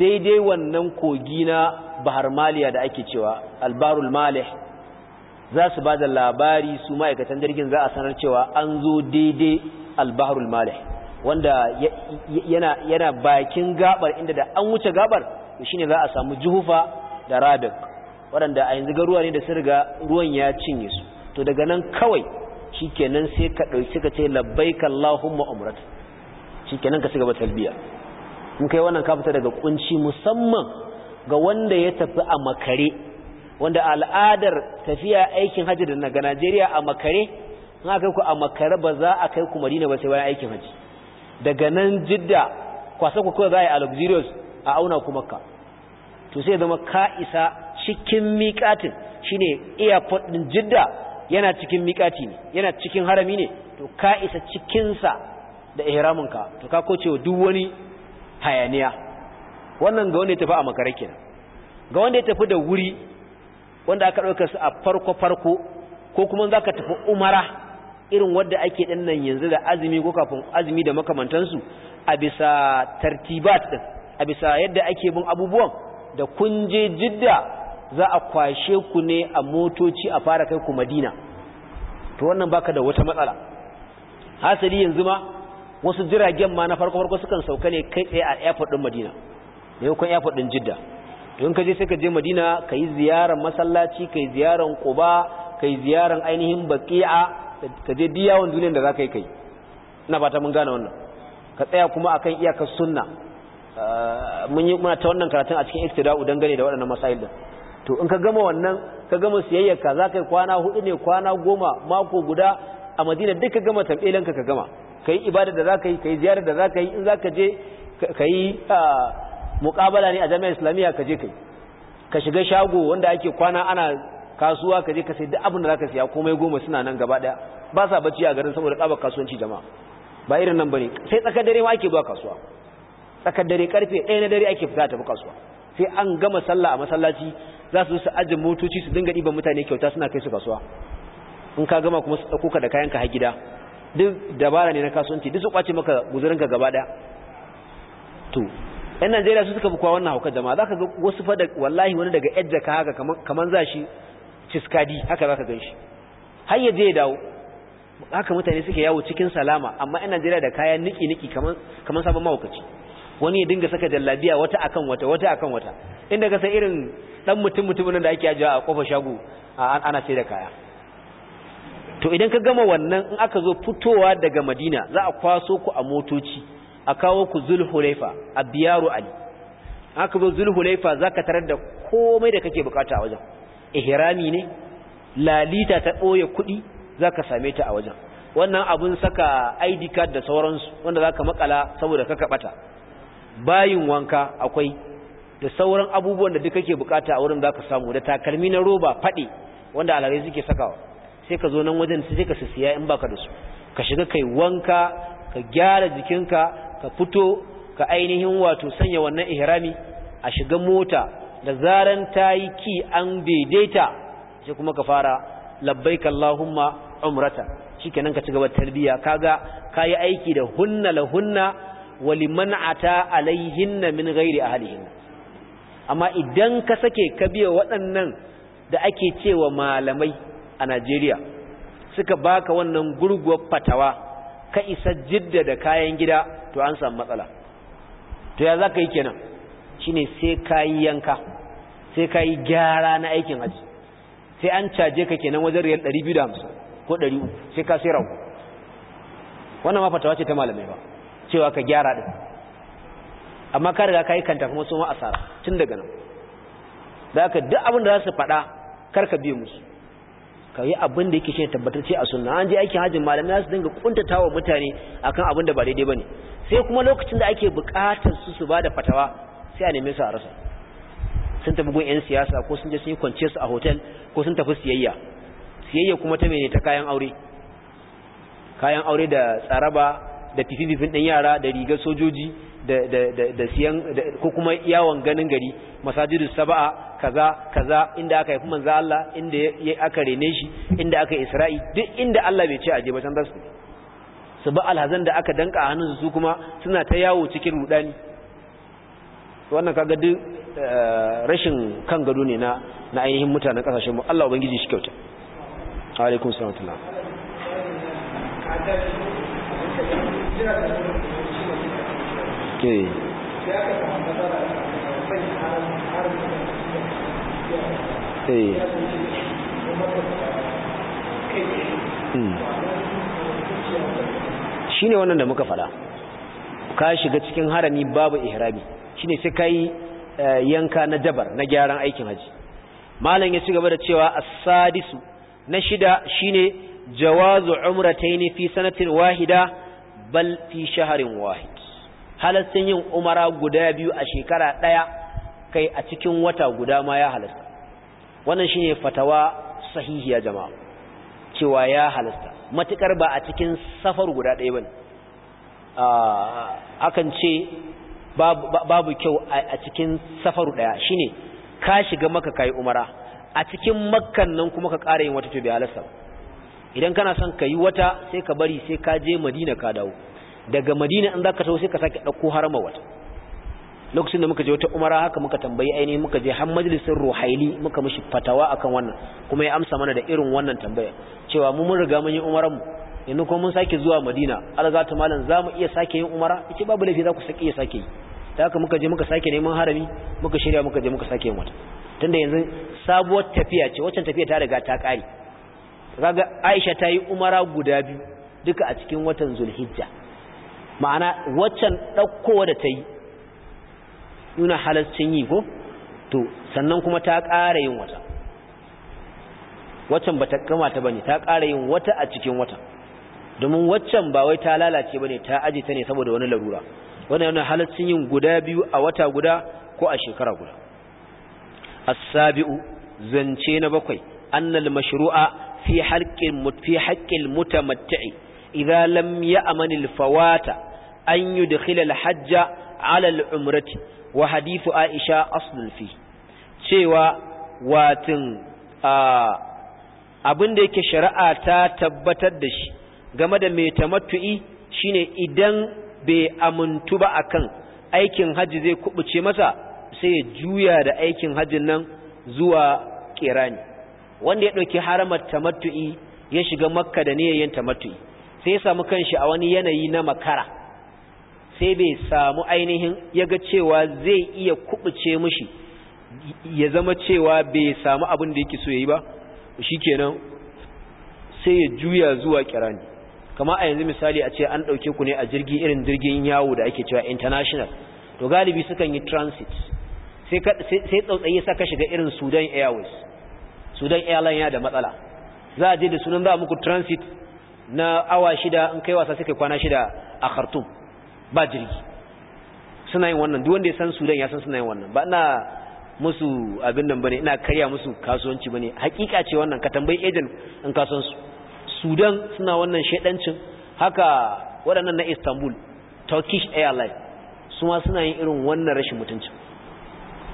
daidai wannan kogi na bahar maliya da ake cewa albarul malih za su ba da labari su ma'aikatan jirgin za a sanar cewa an zo daidai albarul malih wanda yana bakin gabar inda da an wuce gabar shine za a samu juhufa da rabiq waɗanda a yanzu ruwa ne da su riga ruwan ya cinye su to daga nan kawai shikenan sai ka dauki ka ce labbaika allahumma umrat shikenan ka cigaba talbiya in kai wannan ka daga kunci musamman ga wanda ya tafi a makare wanda al'adar tafiya aikin hajji daga Najeriya a makare in aka ku a makare ba za a kai ku Madina ba sai bayan aikin hajji daga nan jidda kwasa ku za a yi a a auna ku makka to sai zama ka isa cikin miƙatin shine airport din jidda yana cikin miƙati ne yana cikin harami ne to ka isa cikinsa da ihraminka to ka koce wa duk wani hayaniya wannan ga wanda ya tafi a makarakin ga wanda ya tafi da wuri wanda aka ɗauka su a farko farko ko kuma za ka tafi umara irin wadda ake ɗan nan yanzu da azumi ko kafin azumi da makamantansu a bisa tartibat din a bisa yadda ake bin abubuwan da kun je jidda za a kwashe ku ne a motoci a fara kai ku madina to wannan baka da wata matsala hasali yanzu ma wasu jiragen ma na farko farko sukan sauka ne kai tsaye a airport din madina da yankon airport din jidda don ka je sai ka je madina ka yi ziyarar masallaci ka yi ziyarar quba ka yi ziyarar ainihin baqi'a ka je diyawan duniyan da za ka yi kai ina ba ta mun gane wannan ka tsaya kuma a kan iyakar sunna ah, mun yi muna ta wannan karatun a cikin iktida'u dangane da waɗannan masail din to in ka gama wannan ka gama siyayyaka za ka yi kwana hudu ne kwana goma mako guda a madina duka gama tambelanka ka gama ka yi ibada da za ka yi ka yi ziyarar da za ka yi in za ka je ka yi ah, mukabala ne a jami'ar islamiyya ka je ka yi ka shiga shago wanda ake kwana ana kasuwa ka je ka sai duk abin da zaka siya komai goma suna nan gaba daya ba sa bacci a garin saboda tsabar kasuwanci jama'a ba irin nan bane sai tsakar dare ma ake zuwa kasuwa tsakar dare karfe 1 na dare ake fita tafi kasuwa sai an gama sallah a masallaci za su su ajin motoci su dinga diban mutane kyauta suna kai su kasuwa in ka gama kuma su dauko ka da kayan ka har gida duk dabara ne na kasuwanci duk su kwace maka guzurin ka gaba daya to yan Najeriya su suka fi kwa wannan hauka jama'a zaka ga wasu fa da wallahi wani daga edda ka haka kaman za shi ciskadi haka za ka gan shi har ya je dawo haka mutane suke yawo cikin salama amma yan najeriya da kayan niki-niki kamar sabon mawukaci wani ya dinga saka jallabiya wata akan wata wata akan wata inda ka san irin dan mutum mutumin da ake ajiya a kofar shago ana sai da kaya to idan ka gama wannan in aka zo fitowa daga madina za a kwaso ku a motoci a kawo ku zulhulaifa a biyaru ali aka zo zulhulaifa za ka tarar da komai da kake bukata a wajen ihrami ne lalita ta ɓoye kuɗi zaka same ta a wajen wannan abun saka id card da sauransu wanda za makala saboda ka kaɓata bayin wanka akwai da sauran abubuwan da duka kake bukata a wurin zaka samu da takalmi na roba faɗi wanda alare suke sakawa sai ka zo nan wajen sai ka siya in baka da su ka shiga kai wanka ka gyara jikinka ka fito ka ainihin wato sanya wannan ihrami a shiga mota da zaran ta yi ki an daidaita shi kuma ka fara labbai Allahumma umrata shikenan ka cigaba tarbiya kaga kayi aiki da hunna la hunna waliman ata alaihinna min ghairi ahlihinna amma idan ka sake ka biya waɗannan da ake cewa malamai a Najeriya suka baka wannan gurguwar fatawa ka isa jidda da kayan gida to an samu matsala to ya zaka yi kenan shine sai kayi yanka sai kayi gyara na aikin haji sai an caje ka kenan wajen riyal 250 ko 300 sai ka sai rago wannan ma fatawa ce ta malamai ba cewa ka gyara din amma ka riga kai kanta kuma su ma asara tun daga nan zaka duk abin da za su faɗa kar ka biye musu ka yi abin da yake shi ce a sunna an je aikin hajjin malamai za su dinga kuntatawa mutane akan abin da ba daidai bane sai kuma lokacin da ake buƙatar su su bada fatawa sai a neme su a rasa sun tafi gun 'yan siyasa ko sun je sun yi kwance su a hotel ko sun tafi siyayya siyayya kuma ta mene ta kayan aure kayan aure da tsaraba da fififin ɗin yara da rigar sojoji da siyan ko kuma yawon ganin gari masajidu saba'a kaza kaza inda aka haifi manza Allah inda aka rene shi inda aka isra'i duk inda Allah bai ce aje ba can su su ba alhazan da aka danka a hannun su kuma suna ta yawo cikin rudani wannan kaga duk eh, rashin kan gado ne na na ainihin mutanen kasashen mu Allah ubangiji shi kyauta alaikum salam ke eh hmm. shine wannan da muka fada ka shiga cikin harami babu ihrami shine sai kai eh, yanka na dabar na gyaran aikin haji malam ya ci gaba da cewa as-sadisu na shida shine jawazu umratayn fi sanatin wahida bal fi shahrin wahid halasta yin umara guda biyu a shekara ɗaya kai a cikin wata guda ma ya halasta wannan shine fatawa sahihiya jama'a cewa ya halasta matukar ba a cikin safar guda daya bane ah, akan ce babu kyau a cikin safaru daya shine ka shiga maka kai umara a cikin makkan nan kuma ka ƙara yin wata tobe alasa idan kana son ka yi wata sai ka bari sai ka je madina ka dawo daga madina in zaka tawo sai ka sake dauko harama wata lokacin da muka je wata umara haka muka tambayi ainihin muka je har majalisar ruhaili muka mishi fatawa akan wannan kuma ya amsa mana da irin wannan tambaya cewa mu mun riga mun yi umaran mu yanzu kuma mun sake zuwa madina alga ta malam za mu iya sake yin umara yace babu laifi za ku sake iya sake yi da haka muka je muka sake neman harami muka shirya muka je muka sake yin wata tunda yanzu sabuwar tafiya ce waccan tafiya ta riga ta kare kaga Aisha ta yi umara guda biyu duka a cikin watan Zulhijja ma'ana waccan ɗaukowa da ta yi nuna halascin yi ko to sannan kuma ta ƙara yin wata waccan ba kamata bane ta ƙara yin wata a cikin wata domin waccan ba wai ta lalace ba ta aji ta ne saboda wani larura wannan yana halaccin yin guda biyu a wata guda ko a shekara guda as zance na bakwai annal mashru'a fi halqin fi haqqil mutamatti'i idza lam ya'man al-fawata an yudkhila al-hajja 'ala al-umrati wa hadithu Aisha aslun fi cewa watin abin da yake shari'a ta tabbatar da shi game da mai tamattu'i shine idan bai amintu ba akan aikin haji zai kubuce masa sai ya juya da aikin hajin nan zuwa kirani wanda ya ɗauki haramar tamattu'i ya shiga makka da niyyayin tamattu'i sai ya samu kanshi a wani yanayi na makara sai bai samu ainihin yaga cewa zai iya kubuce mishi ya zama cewa bai samu abin da yake so yayi ba shikenan sai ya juya zuwa kirani kama a yanzu misali a ce an ɗauke ku ne a jirgi irin jirgin yawo da ake cewa international to galibi sukan yi transit sai tsautsayi sa ka shiga irin sudan airways sudan airline ya da matsala za a je da sunan za a muku transit na awa shida in kai wasa suka kwana shida a khartoum ba jirgi suna yin wannan duk wanda ya san sudan ya san suna yin wannan ba ina musu abin nan bane ina karya musu kasuwanci bane hakika ce wannan ka tambayi agent in kasuwansu sudan suna wannan shaidancin haka waɗannan na istanbul turkish airlines su ma suna yin irin wannan rashin mutuncin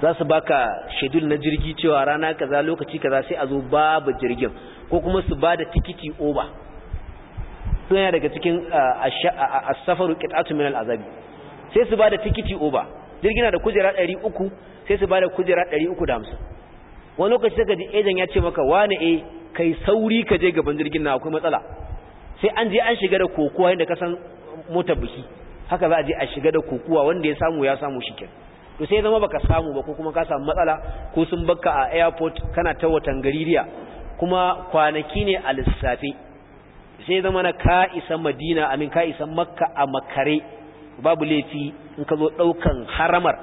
za su baka shedul na jirgi cewa rana kaza lokaci kaza sai a zo babu jirgin ko kuma su ba da tikiti over suna daga cikin uh, a safaru qit'atu minal azabi sai su ba da tikiti over jirgin da kujera 300 sai su ba da kujera 350 wani lokaci suka ji ejan ya ce maka wane eh kai sauri ka je gaban jirgin na akwai matsala sai an je an shiga da kokuwa inda ka san mota biki haka za a je a shiga da kokuwa wanda ya samu ya samu shi kenan to sai zama baka samu ba ko kuma ka samu matsala ko sun bakka a airport kana ta watan gaririya kuma kwanaki ne a lissafi sai zama na ka isa madina amin ka isa makka a makare babu laifi in ka zo ɗaukan haramar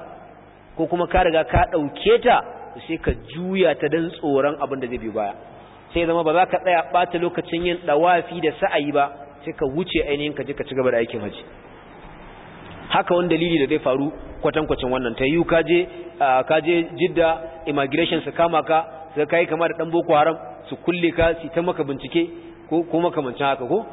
ko kuma ka riga ka ɗauke ta sai ka juya ta don tsoron abin da zai bi baya sai zama ba za ka tsaya ɓata lokacin yin ɗawafi da sa'ayi ba sai ka wuce ainihin ka je ka ci gaba da aikin haji haka wani dalili da zai faru kwatankwacin wannan ta yiwu kaje kaje jidda immigration su kama ka su ka yi kama da dan boko haram su kulle ka su ta maka bincike ko ko makamancin haka ko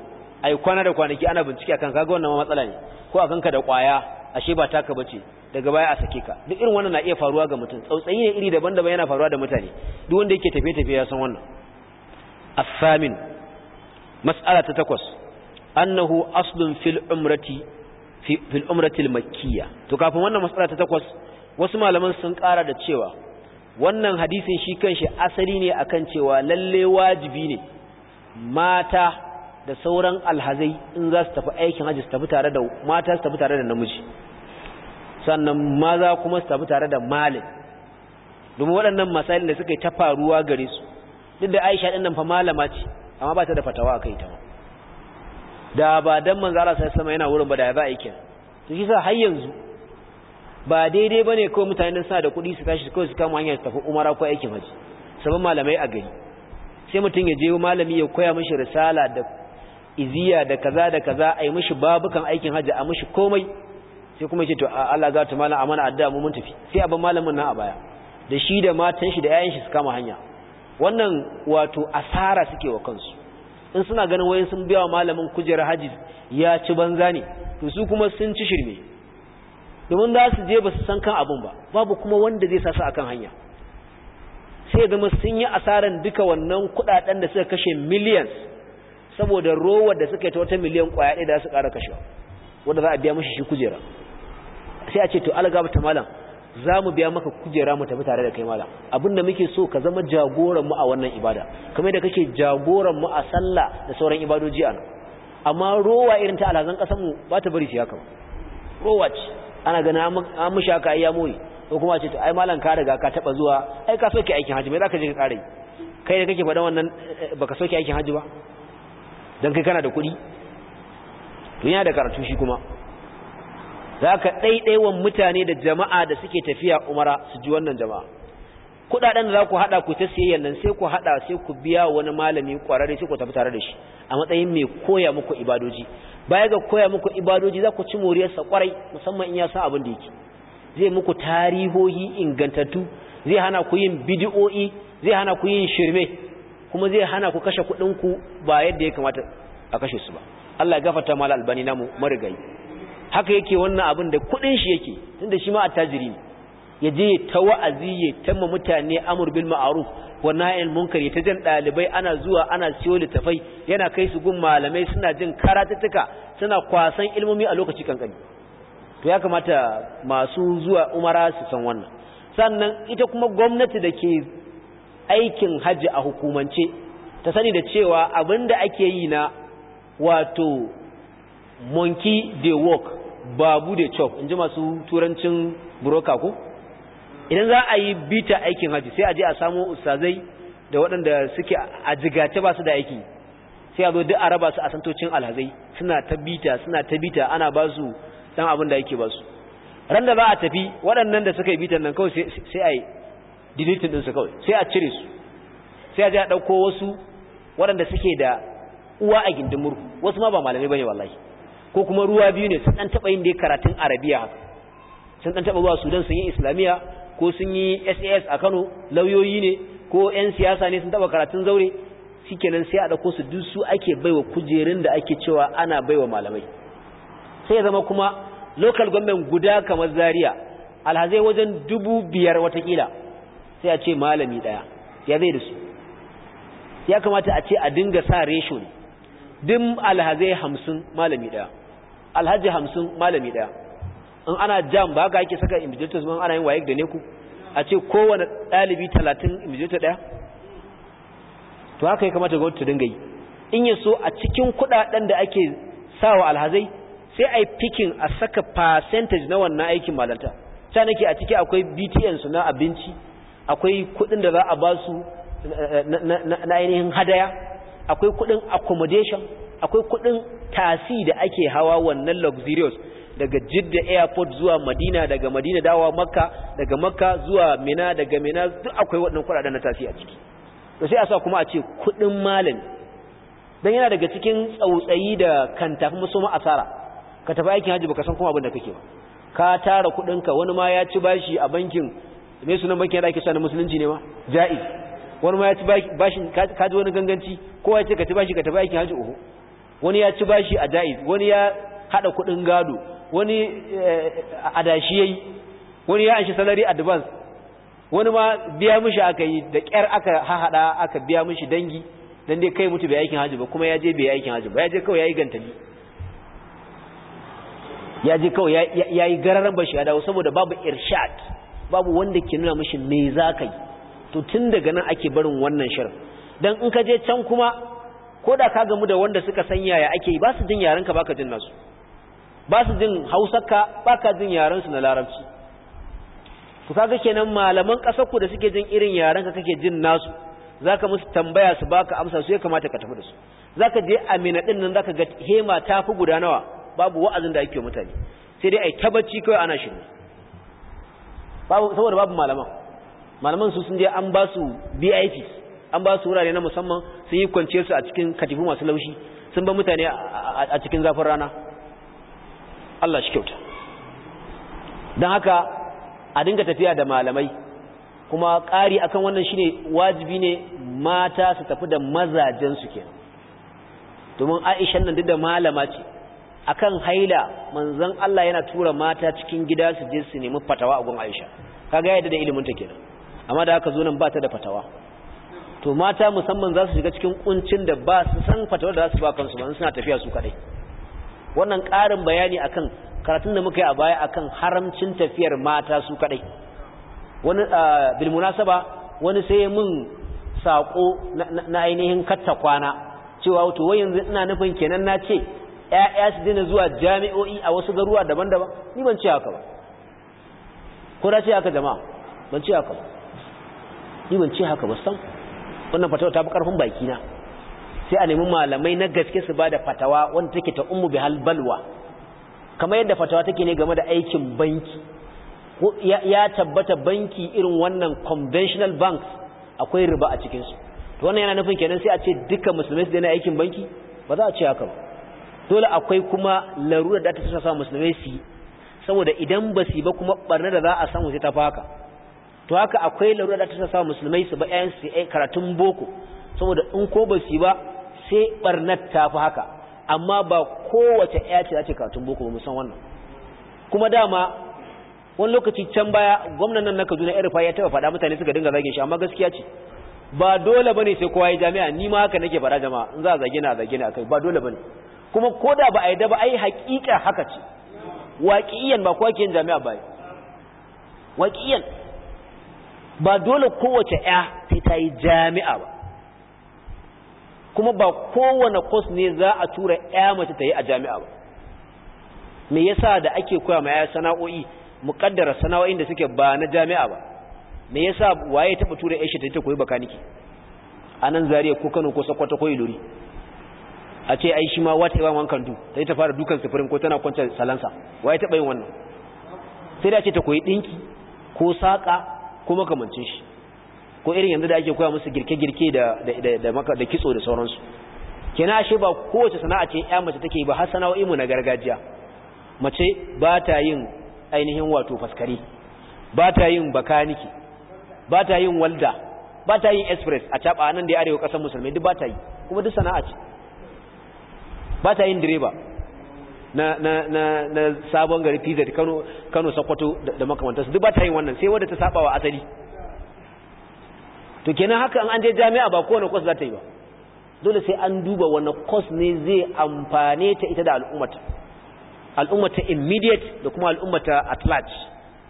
ai kwana da kwanaki ana bincike akan kaga wannan ma matsala ne ko akan ka da kwaya ashe ba taka bace daga baya a sake ka duk irin wannan na iya faruwa ga mutum tsautsayi ne iri daban-daban yana faruwa da mutane duk wanda yake tafiye-tafiye ya san wannan الثامن مسألة تتكوس أنه أصل في الأمرة في, في الأمرة المكية تكافو وانا مسألة تتكوس واسمع لمن سنقارة تشيوى wannan hadisin shi kanshi asali ne akan cewa lalle wajibi ne mata da sauran alhazai in za su tafi aikin hajji su tafi tare da mata su tafi tare da namiji sannan maza kuma su tafi tare da malin domin waɗannan masalin da suka yi ta faruwa gare su duk da Aisha din nan fa malama ce amma ba ta da fatawa kai ta ba da ba dan manzo Allah sai sama yana wurin ba da za a yi kenan to shi sa har yanzu ba daidai bane mutane mutanen sa da kuɗi su tashi kawai su kama hanyar tafi umara ko aikin haji sabon malamai a gari sai mutum ya je malami ya koya mishi risala da iziya da kaza da kaza a mishi babukan aikin haji a mishi komai sai kuma ce to Allah za ta malam amana addu'a mu mun tafi sai abin malamin nan a baya da shi da matan shi da yayan shi su kama hanya wannan wato asara suke wa kansu in suna ganin wayan sun biya wa malamin kujerar haji ya ci banza ne to su kuma sun ci shirme domin za su je ba su san kan abin ba babu kuma wanda zai sasa akan hanya sai zama sun yi asaran duka wannan kudaden da suka kashe millions saboda rowa da suka ta wata miliyan kwaya ɗaya da su ƙara kashewa wanda za a biya mashi shi kujera sai a ce to algaba ta malam za mu biya maka kujera mu tafi tare da kai malam abinda muke so ka zama jagoran mu a wannan ibada kamar da kake jagoran mu a sallah da sauran ibadoji a nan amma rowa irin ta alhazan kasan mu ba ta bari shi haka rowa ce ana gana an mu haka ai ya mori ko kuma ce to ai malam ka riga ka taba zuwa ai ka soke aikin haji mai zaka je ka kare kai da kake faɗan wannan eh, baka soke aikin haji ba dan kai kana da kuɗi duniya da karatu shi kuma za ka ɗaiɗaiwan mutane da jama'a da suke tafiya umara su ji wannan jama'a kuɗaɗen da za ku haɗa ku ta siyayyar nan sai ku haɗa sai ku biya wani malami ƙwararre sai ku tafi tare da shi a matsayin mai koya muku ibadoji baya ga koya muku ibadoji za ku ci moriyarsa kwarai musamman in ya sa abin da yake zai muku tarihohi ingantattu zai hana ku yin bidi'o'i zai hana ku yin shirme kuma zai hana ku kashe ku ba yadda ya kamata a kashe su ba Allah ya gafarta mala albani namu marigayi haka yake wannan abin da kudin shi yake tunda shi ma attajiri ne ya je ta wa'azi ya tamma mutane amur bil ma'ruf wa nahyi munkar ya ta jan dalibai ana zuwa ana siyo litafai yana kai su gun malamai suna jin karatuttuka suna kwasan ilmomi a lokaci kankani to ya kamata masu zuwa umara su san wannan sannan ita kuma gwamnati da ke aikin hajji a hukumance ta sani da cewa abinda ake yi na wato monkey day work babu da chop in ji masu turancin broka ko idan za a yi bita aikin haji sai a je a samo ustazai da waɗanda suke a jigace ba su da aiki sai a zo duk a raba su a santocin alhazai suna ta bita suna ta bita ana ba su dan abin da yake ba su ran da za a tafi waɗannan da suka yi bitan nan kawai sai a yi dilitin ɗinsu kawai sai a cire su sai a je a ɗauko wasu waɗanda suke da uwa a gindin murhu wasu ma ba malamai ba ne wallahi ko kuma ruwa biyu ne sun dan taba yin da karatun arabiya sun dan taba zuwa sudan sun yi islamiya ko sun yi sas a kano lauyoyi ne ko yan siyasa ne sun taba karatun zaure shikenan sai a dauko su duk su ake baiwa kujerun da ake cewa ana baiwa malamai sai ya zama kuma local government guda kamar Zariya alhazai wajen dubu biyar watakila sai a ce malami daya ya zai da su ya kamata a ce a dinga sa resho ne dim alhazai hamsin malami daya alhaji hamsin malami daya in ana jam ba ga ake saka invigilators man ana yin waye da ne ku a ce kowane ɗalibi talatin invigilator daya to haka ya kamata ga wata dangayi. in ya so a cikin kuɗaɗen da ake wa alhazai sai a yi pikin a saka percentage na wannan aikin malanta ta nake a ciki akwai btn su na abinci akwai kuɗin da za a ba su eh, eh, na ainihin hadaya akwai kuɗin accommodation akwai kudin tasi da ake hawa wannan luxurious daga jidda airport zuwa madina daga madina dawa makka daga makka zuwa mina daga mina duk akwai waɗannan kudaden na tasi a ciki to sai a sa kuma a ce kuɗin malami dan yana daga cikin tsautsayi da kan tafi musu ma asara ka tafi aikin haji baka san kuma abin da kake ba ka tara kudin ka wani ma ya ci bashi a bankin me sunan bankin da ake sa na musulunci ne ma ja'i wani ma ya ci bashin ka ji wani ganganci kowa ya ce ka ci bashi ka tafi aikin haji uhu wani ya ci bashi a jaiz wani ya hada kudin gado wani eh, adashi yayi wani ya anshi salary advance wani ma biya mishi aka yi da kyar aka hahada aka biya mishi dangi dan dai kai mutu bai aikin haji ba kuma ya je bai aikin haji ba ya je kawai yayi gantali ya je kawai yayi gararan bashi ya dawo saboda babu irshad babu wanda ke nuna mishi me zakai yi to tun daga nan ake barin wannan shirin dan in ka je can kuma ko da ka gamu da wanda suka san yaya ake ba su jin yarenka ka jin nasu ba su jin hausarka baka jin yarensu na larabci ku kaga kenan malaman ƙasar da suke jin irin yarenka kake jin nasu za ka musu tambaya su ba ka amsa su ya kamata ka tafi da su Za ka je Amina ɗin nan ka ga hema ta fi guda nawa babu wa'azin da ake mutane sai dai a ta tabbaci kawai ana shiru saboda babu malaman malaman su sun je an ba su VIPs an ba su wurare na musamman sun yi kwanciyarsu su a cikin katifu masu laushi sun ba mutane a cikin zafin rana Allah shi kyauta don haka a dinga tafiya da malamai kuma ƙari akan wannan shine wajibi ne mata su tafi da mazajensu ke. domin Aisha nan duk da malama ce akan haila manzon Allah yana tura mata cikin gida su je su nemi fatawa a gun Aisha kaga yadda da ilimin ta kenan amma da haka zo nan ba ta da fatawa to mata musamman za su shiga cikin kuncin da ba su san fatawa da za su ba kansu ba suna tafiya su kadai wannan ƙarin bayani akan karatun da muka yi a baya akan haramcin tafiyar mata su kadai wani bil munasaba wani sai mun sako na ainihin katta kwana cewa to wai yanzu ina nufin kenan na ce ƴaƴa su dina zuwa jami'o'i a wasu garuruwa daban-daban ni ban ce haka ba ko da ce haka jama'a ban ce haka ba ni ban ce haka ba san wannan fatawa ta fi karfin baki na sai a nemi malamai na gaske su bada fatawa wanda take ta ummu bihal balwa kamar yadda fatawa take ne game da aikin banki ya tabbata banki irin wannan conventional banks akwai riba a cikin to wannan yana nufin kenan sai a ce duka musulmai su daina aikin banki ba za a ce haka ba dole akwai kuma larura da ta sa musulmai su saboda idan ba su yi ba kuma barna da za a samu sai ta faka to haka akwai larura da ta sa musulmai su ba ƴaƴan su yi karatun boko saboda in ko ba su ba sai barnat ta fi haka amma ba kowace ƴa ce ake karatun boko ba musan wannan kuma dama wani lokaci can baya gwamnan nan na Kaduna Irfa ya taba faɗa mutane suka dinga zagin shi amma gaskiya ce ba dole bane sai kowa ya jami'a ni ma haka nake fara jama'a in za a zage a zage na akai ba dole bane kuma koda ba a yi da ba ai haƙiƙa haka ce waƙiyan ba kowa ke jami'a ba waƙiyan ba dole kowace ya sai ta yi jami'a ba kuma ba kowane kwas ne za a tura ya mace ta yi a jami'a ba me yasa da ake koya ma ya sana'o'i muƙaddara sana'o'in da suke ba na jami'a ba me yasa waye taɓa tura ya shi ta koyi bakaniki a nan zariya ko kano ko sakwata ko ilori a ce ai shi ma wata yawan wankan du ta yi ta fara dukan sufurin ko tana kwanci salansa waye taɓa yin wannan sai da ce ta koyi ɗinki ko saƙa ko makamancin shi ko irin yanzu da ake koya musu girke-girke da kitso da sauransu kina ashe ba kowace sana'a ce ya mace take ba har sana'o'i mu na gargajiya mace ba ta yin ainihin wato faskari ba ta yin bakaniki ba ta yin walda ba ta yin express a taba nan da ya arewa kasar musulmi duk ba ta yi kuma duk sana'a ce ba ta yin direba na sabon gari pizza Kano Kano Sokoto da makamantansu duk ba ta yin wannan sai wadda ta saba wa asali to kenan haka an je jami'a ba kowane kwas za ta yi ba dole sai an duba wani kwas ne zai amfane ta ita da al'ummata al'ummata immediate da kuma al'ummata at large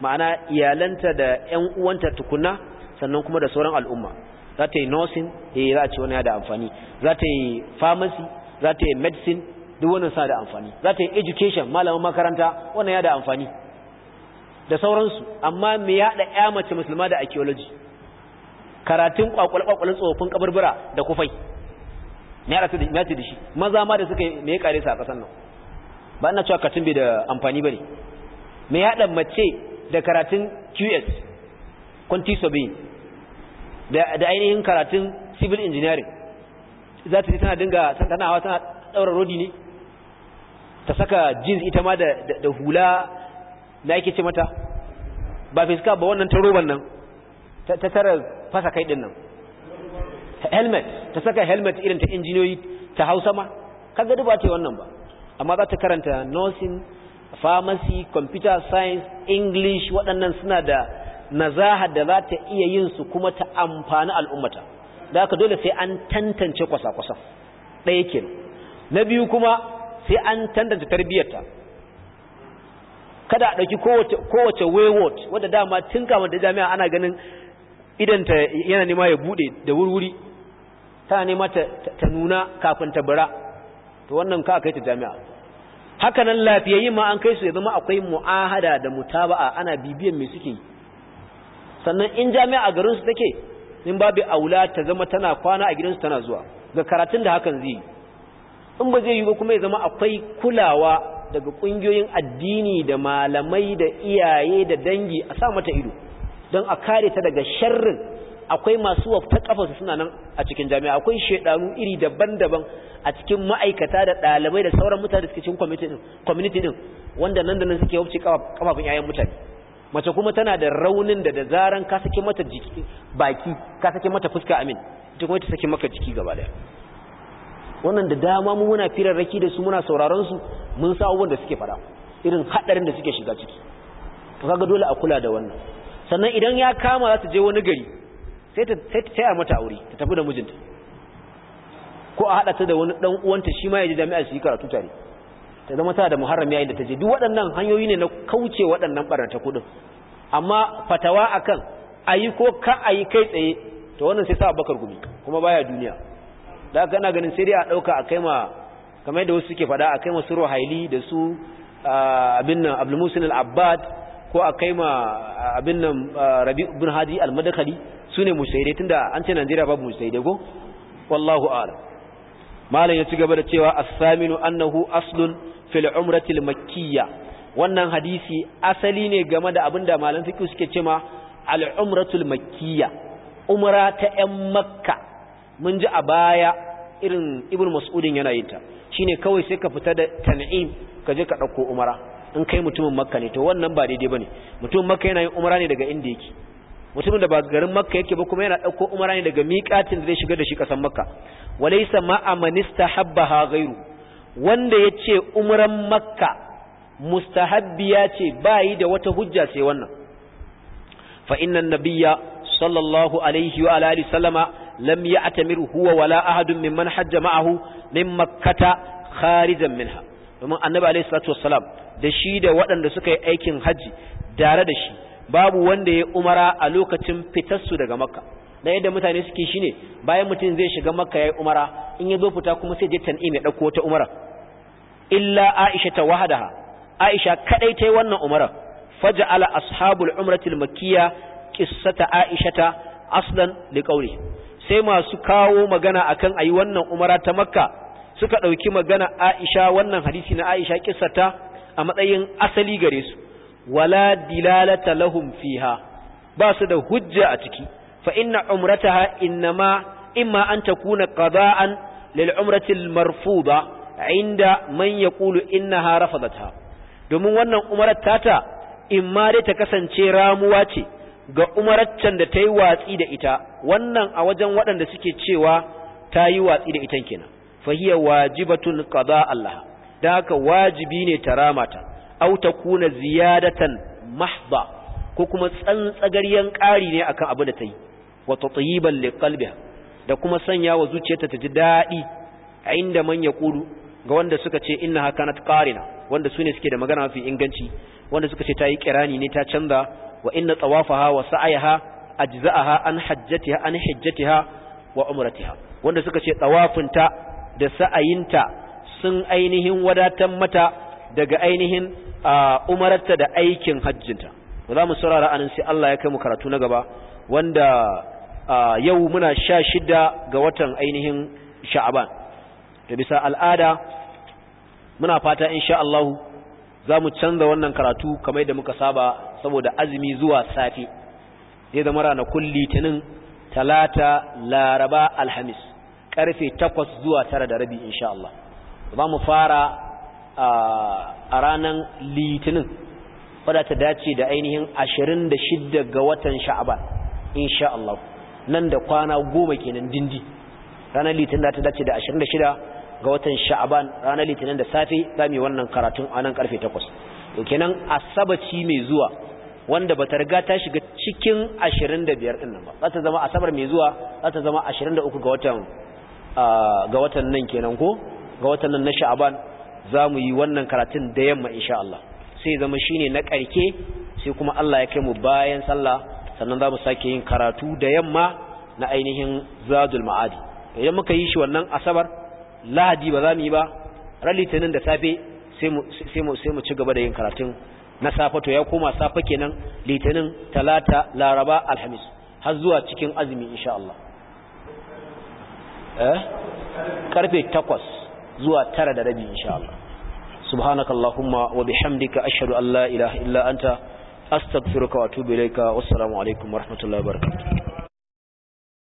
ma'ana iyalanta da yan uwanta tukuna sannan kuma da sauran al'umma za ta yi nursing yi eh, za a ce wani ya da amfani za ta yi pharmacy za ta yi medicine duk wannan sa da amfani za ta yi education malamin makaranta wannan ya da amfani da sauransu amma me ya da ya mace musulma da archaeology karatun kwakwalkwalkwalin tsofaffin kaburbura da kufai me ya da ce da shi maza ma da suka me ya kare sa a kasan nan ba ina cewa katin bai da amfani bane me ya da mace da karatun QS Conti Sobin da da ainihin karatun civil engineering za ta yi tana dinga tana hawa tana daura rodi ne ta saka jeans ita ma da hula na yake ce mata ba fiska ba wannan ta roban nan ta tara fasa kai din nan helmet ta saka helmet irin ta injiniyoyi ta Hausa ma kaga duba ce wannan ba amma za ta karanta nursing pharmacy computer science english waɗannan suna da nazaha da za ta iya yin su kuma ta amfani al'ummata da aka dole sai an tantance kwasa-kwasa ɗaya ke na biyu kuma sai an ta tarbiyyarta kada a ɗauki kowace wayward wadda dama tun kama da jami'a ana ganin idanta yana nema ya buɗe da wurwuri tana nema ta nuna kafin ta bara to wannan ka kai ta jami'a haka nan lafiyayyin ma an kai su ya zama akwai mu'ahada da mutaba'a ana bibiyan mai suke sannan in jami'a a garinsu take in babu aula ta zama tana kwana a gidansu tana zuwa ga karatun da hakan zai yi in ba zai yi ba kuma ya zama akwai kulawa daga kungiyoyin addini da malamai da iyaye da dangi a sa mata ido don a kare ta daga sharrin akwai masu wafta kafarsu suna nan a cikin jami'a akwai shedanu iri daban-daban a cikin ma'aikata da ɗalibai da sauran mutane da suke cikin community din wanda nan da nan suke wuce kafafun 'ya'yan mutane mace kuma tana da raunin da da zaran ka sake mata jiki baki ka sake mata fuska amin ita kuma ta sake maka jiki gaba daya wannan da dama mu muna firarraki da su muna sauraron su mun sa abubuwan da suke fara irin hadarin da suke shiga ciki to kaga dole a kula da wannan sannan idan ya kama za ta je wani gari sai ta sai ta mata aure ta tafi da mijinta ko a hada ta da wani dan uwanta shi ma ya je jami'a su yi karatu tare ta zama ta da muharram yayin da ta je duk waɗannan hanyoyi ne na kauce waɗannan barnata kudin amma fatawa akan ayi ko ka ayi kai tsaye to wannan sai sa bakar gumi kuma baya duniya da aka kana ganin sai dai a dauka a ma kamar yadda wasu suke fada a kaima su rohaili da su abin nan abdul musin al-abbad ko a ma abin nan rabi bin hadi al-madakhali sune tun tunda an ce Najeriya babu musaidai ko wallahu a'lam malam ya ci gaba da cewa as-saminu annahu aslun fil umrati makkiyya wannan hadisi asali ne game da abin da malam fiqh suke cewa al-umratul makkiyya umra ta 'yan makka mun ji a baya irin ibn mas'udin yana yin ta shine kawai sai ka fita da tan'im ka je ka dauko umara in kai mutumin makka ne to wannan ba daidai bane mutumin makka yana yin umara ne daga inda yake mutumin da ba garin makka yake ba kuma yana dauko umara ne daga miqatin da zai shiga da shi kasan makka walaysa ma'a Habba ghayru wanda yace umran makka mustahabbiya ce bayi da wata hujja sai wannan fa innan nabiyya sallallahu alaihi wa alihi sallama lam ya'tamir huwa wala ahadun mimman hajja ma'ahu min makkata kharijan minha domin annabi alaihi salatu wassalam da shi da waɗanda suka yi aikin حج dare da shi babu wanda ya umara a lokacin fitarsu daga makka da yadda mutane suke shine bayan mutum zai shiga makka yayi umara in ya zo fita kuma sai je tan ya dauko ta umara illa aisha ta wahadaha aisha kadai yi wannan umara faja'ala ashabul umratil makkiyya qissata aisha ta aslan liqawli sai masu kawo magana akan ayi wannan umara ta makka suka ɗauki magana aisha wannan hadisi na aisha kissata a matsayin asali gare su wala dilalata lahum fiha ba su da hujja a ciki fa inna umrataha innama imma an takuna qada'an lil umrati al marfuda inda man yaqulu innaha rafadatha domin wannan umarar tata imma dai ta kasance ramuwa ce ga umaraccen da ta yi watsi da ita wannan a wajen waɗanda suke cewa ta yi watsi da ita kenan fahiyar wajibatun kaza Allah da haka wajibi ne ta ramata au ta kuna ziyadatan mahba ko kuma tsantsagaryen ƙari ne akan abin da ta yi wa tatayiban liqalbiha da kuma sanya wa zuciyarta ta ji daɗi a inda man kudu ga wanda suka ce inna hakanat qarina wanda sune suke da magana mafi inganci wanda suka ce ta yi kirani ne ta canza wa inna tawafaha wa sa'ayaha ajza'aha an hajjatiha an hajjatiha wa umratiha wanda suka ce tawafinta da sa'ayinta sun ainihin wadatan mata daga ainihin umararta da aikin hajjinta za mu saurara anan sai Allah ya kai mu karatu na gaba wanda yau muna sha shida ga watan ainihin sha'aban da bisa al'ada muna fata insha Allah za mu canza wannan karatu kamar da muka saba saboda azumi zuwa safi zai zama ranakun litinin talata laraba alhamis karfe takwas zuwa tara da rabi insha Allah za mu fara a ranar litinin wadda dace da ainihin ashirin da shidda ga watan sha'aban insha Allah nan da kwana goma kenan dindi ranar litinin da ta dace da ashirin da shida ga watan sha'aban ranar litinin da safe za mu yi wannan karatun a nan karfe takwas to kenan asabaci mai zuwa wanda bata riga ta shiga cikin 25 din nan ba za ta zama asabar mai zuwa za ta zama 23 ga watan ga watan nan kenan ko ga watan nan na sha'aban za mu yi wannan karatun da yamma insha Allah sai zama shine na karke sai kuma Allah ya kai mu bayan sallah sannan za mu sake yin karatu da yamma na ainihin zadul ma'adi idan muka yi shi wannan asabar lahadi ba za mu yi ba ran litinin da safe sai mu sai mu ci gaba da yin karatun na safa to ya koma safa kenan litinin talata laraba alhamis har zuwa cikin azumi insha Allah eh karfe 8 zuwa 9 da rabi insha Allah subhanakallahumma wa bihamdika ashhadu an la ilaha illa anta astaghfiruka wa atubu ilayka wassalamu alaikum warahmatullahi wabarakatuh